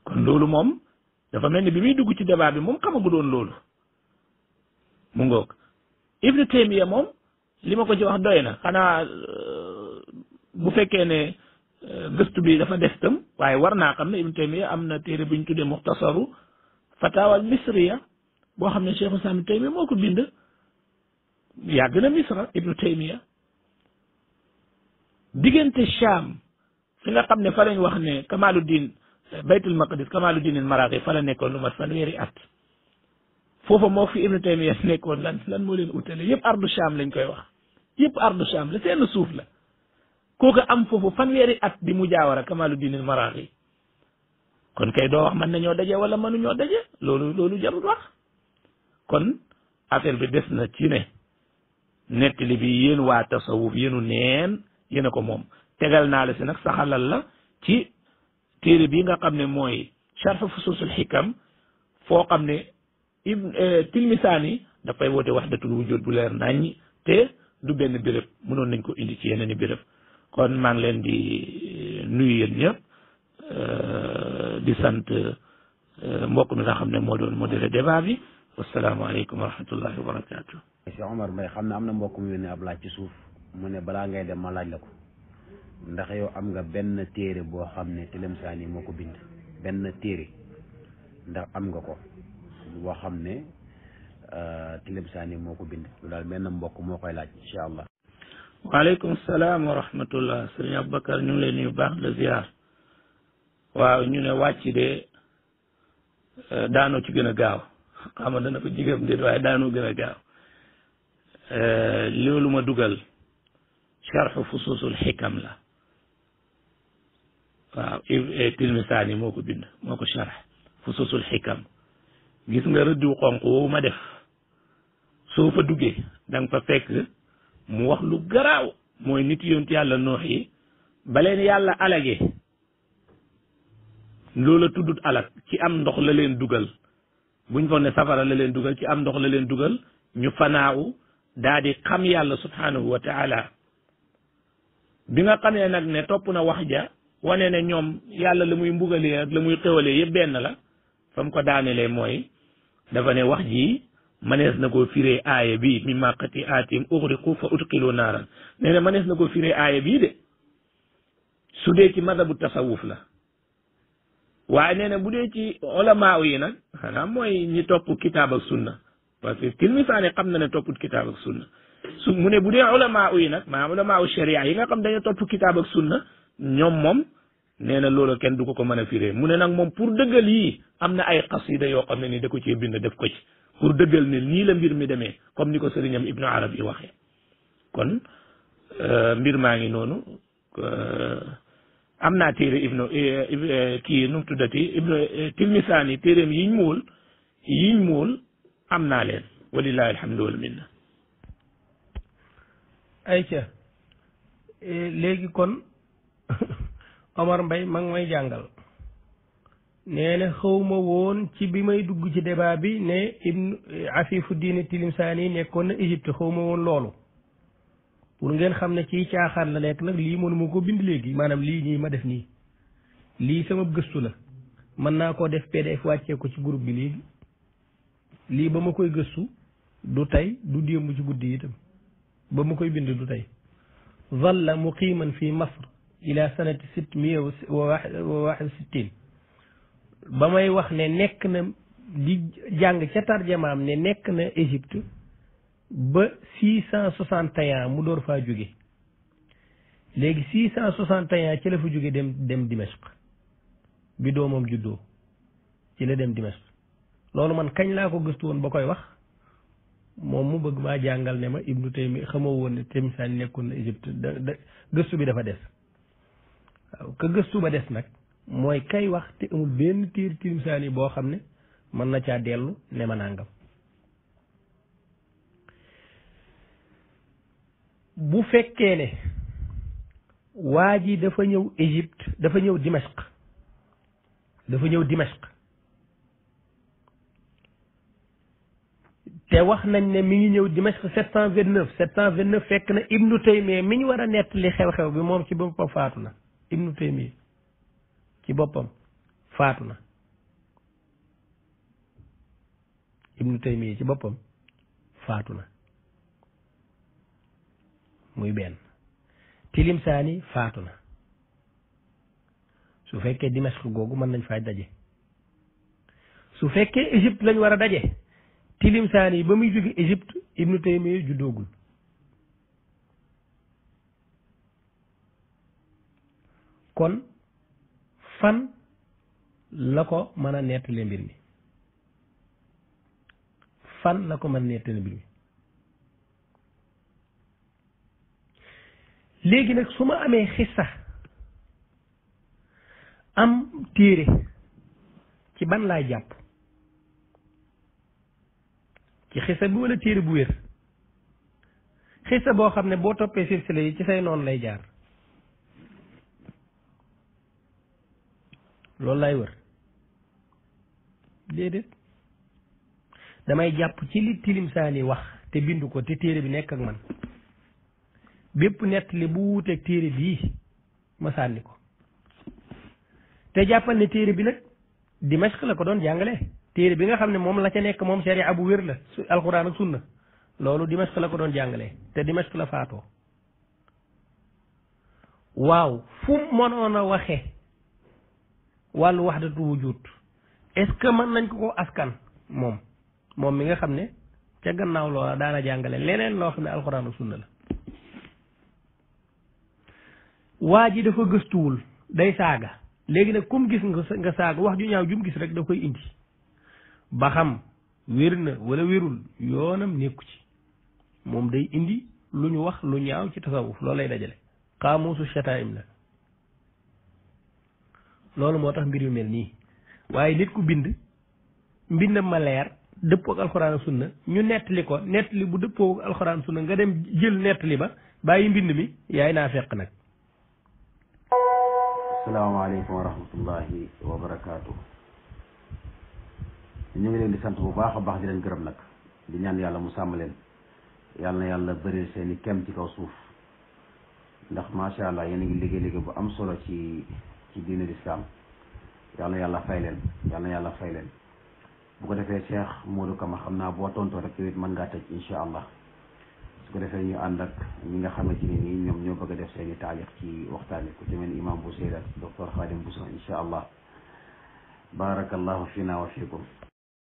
kon loolu moom dafa mel ni bi muy dugg ci débat bi moom xamagu doon loolu mu ngoog Ibnu Taymiya moom li ma ko ci wax doy na xanaa euh, bu fekkee ne euh, gëstu bi dafa def tam waaye war naa xam ne Ibn Taymiya am na téere bu ñu tuddee Muxtasaru Fataawal Misriya boo xam ne Cheikh Islam Ibn Taymiya moo ko bind yàgg na Misra Ibn Taymiya diggante Sham fi nga xam ne fa lañ wax ne Kamaluddin baytul maqdis Kamaluddin al-Maraqi fa la nekkoon lu mat fanweeri at foofa moo fi Ibn Taymiya nekkoon lan lan moo leen utale yëpp ardu Sham lañ koy wax. yëpp ardu Sham la seen suuf la kooku am foofu fanweeri at di mu jaawara Kamaalu Diinil Maraaxi kon kay doo wax mën nañoo daje wala mënuñoo daje loolu loolu jarut wax kon affaire bi des na ci ne nettali bi yéen waa tasawuf yéenu neen yéen ko moom tegal naa la si nag saxalal la ci téere bi nga xam ne mooy charf fusuusul xikam foo xam ne ibn eh, tilmisaani dafay woote wahdatul wujud bu leer naññ te du benn béréb mënoon nañ ko indi ci yeneen i béréb kon maa ngi leen di euh, nuyu yéen ñëpp euh, di sant euh, mbokk mi nga xam ne moo doon modéré débat bi wasalaamaaleykum wa rahmatullahi wa barakaatu. Cheikh Omar Mbaye xam ne am na mbokk mi ne ab laaj ci suuf mu ne balaa ngay dem ma laaj la ko ndax yow am nga benn téere boo xam ne Tilimsaani moo ko bind benn téere ndax am nga ko boo xam ne. Euh, Tilem Sani moo ko bind lu daal benn mbokk moo koy laaj incha allah. waaleykum salaam wa rahmatullah sëriñ Aboubacar ñu ngi lay baax de ziar waaw ñu ne wàcc de euh, daanoo ci gën a gaaw xam nga dana ko jigéen déet waaye daanoo gën a gaaw euh, loolu ma dugal charxu fusuusul xikam la waaw eh, Tilmisaani moo ko bind moo ko charx fusuusul xikam gis nga rëddu xonq woowu ma def. soo fa duggee da nga fa fekk mu wax lu garaaw mooy nit yonent yàlla noox yi ba leen yàlla alagee loola tuddut alag ci am ndox la leen dugal buñ foog ne safara la leen dugal ci am ndox la leen dugal ñu fanaawu daa xam yàlla subhanahu wa taala bi nga xamee nag ne topp na wax ja wane ne ñoom yàlla la muy mbugalee ak la muy xéwalee yëpp benn la fa mu ko daanelee mooy dafa ne wax ji manees na koo firee aaya bi mi màqati aatim uxriqu fa utqilu naaran nee na manees na koo firee aaya bii de su dee ci madhabu tasawuf la waaye nee na bu dee ci olamaa yi nag xanaa mooy ñi topp kitaab ak sunna parce que tilmisaane xam na ne topput kitaab ak sunna su mu ne bu dee olamaa yi nag maa olamaa u sharia yi nga xam dañoo topp kitaab ak sunna ñoom moom nee na loolu kenn du ko ko mën a mu ne nag moom pour dëggal yi am na ay xasida yoo xam ne nii da ko cee bind def ko pour dëggal ne nii la mbir mi demee comme ni ko sëriñam ibnu arabi waxee kon euh, mbir maa ngi noonu euh, am naa téere ibnu euh, kii nu mu tuddati ibnu tilmisaani téereem yiñ mool yiñ mool am naa leen walillahi alhamdu wal minna ayca eh, léegi kon Omar mbay mag ngi may jàngal nee na xawma woon ci bi may dugg ci débat bi ne ibnu afifu diine tilimsaani nekkoon na Égypte xawma woon loolu pour ngeen xam ne ciy caaxaan la nekk nag lii mënuma ko bind léegi maanaam lii ñii ma def nii lii sama gëstu la mën naa koo def pdf wàccee ko ci group bi léegi lii ba ma koy gëstu du tey du démb ci guddi itam ba ma koy bind du tey zalla muqiman fi masr ila sanati sitt mia wa waxid sittin ba may wax ne nekk na di jàng ca tarjamaam ne nekk na Égypte ba six cent soixante et mu door faa jóge léegi six cent soixante et un ci la fa jóge dem dem Dimashq bi doomam juddoo ci la dem Dimashq loolu man kañ laa ko gëstu woon ba koy wax moom mu bëgg maa jàngal ne ma ibnu taymi xamoo woon ne temsaan nekkoon na Égypte da da gëstu bi dafa des waaw ka gëstu ba des nag mooy kay wax te amul benn tiir tilimsaan yi boo xam ne mën na caa dellu ne manaangam bu fekkee ne waa ji dafa ñëw Égypte dafa ñëw Dimashq dafa ñëw Dimashq te wax nañ ne mi ngi ñëw Dimashq sept cent vingt neuf sept cent vingt neuf fekk na Ibnu Taymiya mi ñu war a nettali xew-xew bi moom ci boppam faatu na Ibnu Taymiya ci boppam faatu na ibnu taymiya ci boppam faatu na muy benn tilim saani faatu na su fekkee dimashq googu mën nañ faa daje su fekkee égypte lañ war a daje tilim saani ba muy jóge égypte ibnu taymiya juddoogul kon fan la ko mën a nettalee mbir mi fan la ko mën a nettalee mbir mi léegi nag su ma amee xissa am téere ci ban laay jàpp ci xissa bi walla téere bu wér xissa boo xam ne boo toppee silsile yi ci say noonu lay jaar loolu laay wër déedéet damay jàpp ci li tilim saani wax te bindu ko te téere bi nekk ak man bépp nettali bu wuuteeg téere bi ma sànni ko te jàppal ne téere bi nag Dimashq la ko doon jàngale téere bi nga xam ne moom la ca nekk moom sharia bu wér la su alxuraan ak sunna loolu Dimashq la ko doon jàngale te Dimashq la faatoo waaw fu mënoon a waxe wàllu waxdatu wujud est-ce que man nañ ko ko askan moom moom mi nga xam ne ca gannaaw loola daana jàngale leneen loo xam ne alxuraan ak sunna la waa ji dafa gëstuwul day saaga léegi nag kum gis nga saaga wax ju ñaaw jum gis rek da koy indi ba xam wér na wala wérul yoonam nekku ci moom day indi lu ñu wax lu ñaaw ci tasawuf loolu lay dajale xaamuusu shataim la loolu moo tax mbir yu mel nii waaye nit ku bind mbindam maleer leer dëppoo ak alxuraan sunna ñu nettali ko nettali bu dëppoo ak alxuraan sunna nga dem jël li ba bàyyi mbind mi yaay naa fekk nag. salaamaaleykum wa rahmatullahi wa ñu ngi leen di sant bu baax a baax di leen gërëm nag di ñaan yàlla mu sàmm leen yàlla yàlla bari seen kem ci kaw suuf ndax macha allah yéen a ngi liggéey liggéey bu am solo ci. ci diine yàlla fay leen yal yàlla fay leen bu ko defee Cheikh Modou Kama xam naa boo tontoo rek yow it mën ngaa tëj su ko defee ñu ànd ak ñi nga xamante ne nii ñoom ñoo bëgg a def seen i ci waxtaan yi ku ci mel imam bu Seydat docteur Khadim Bousso incha allah wa fikum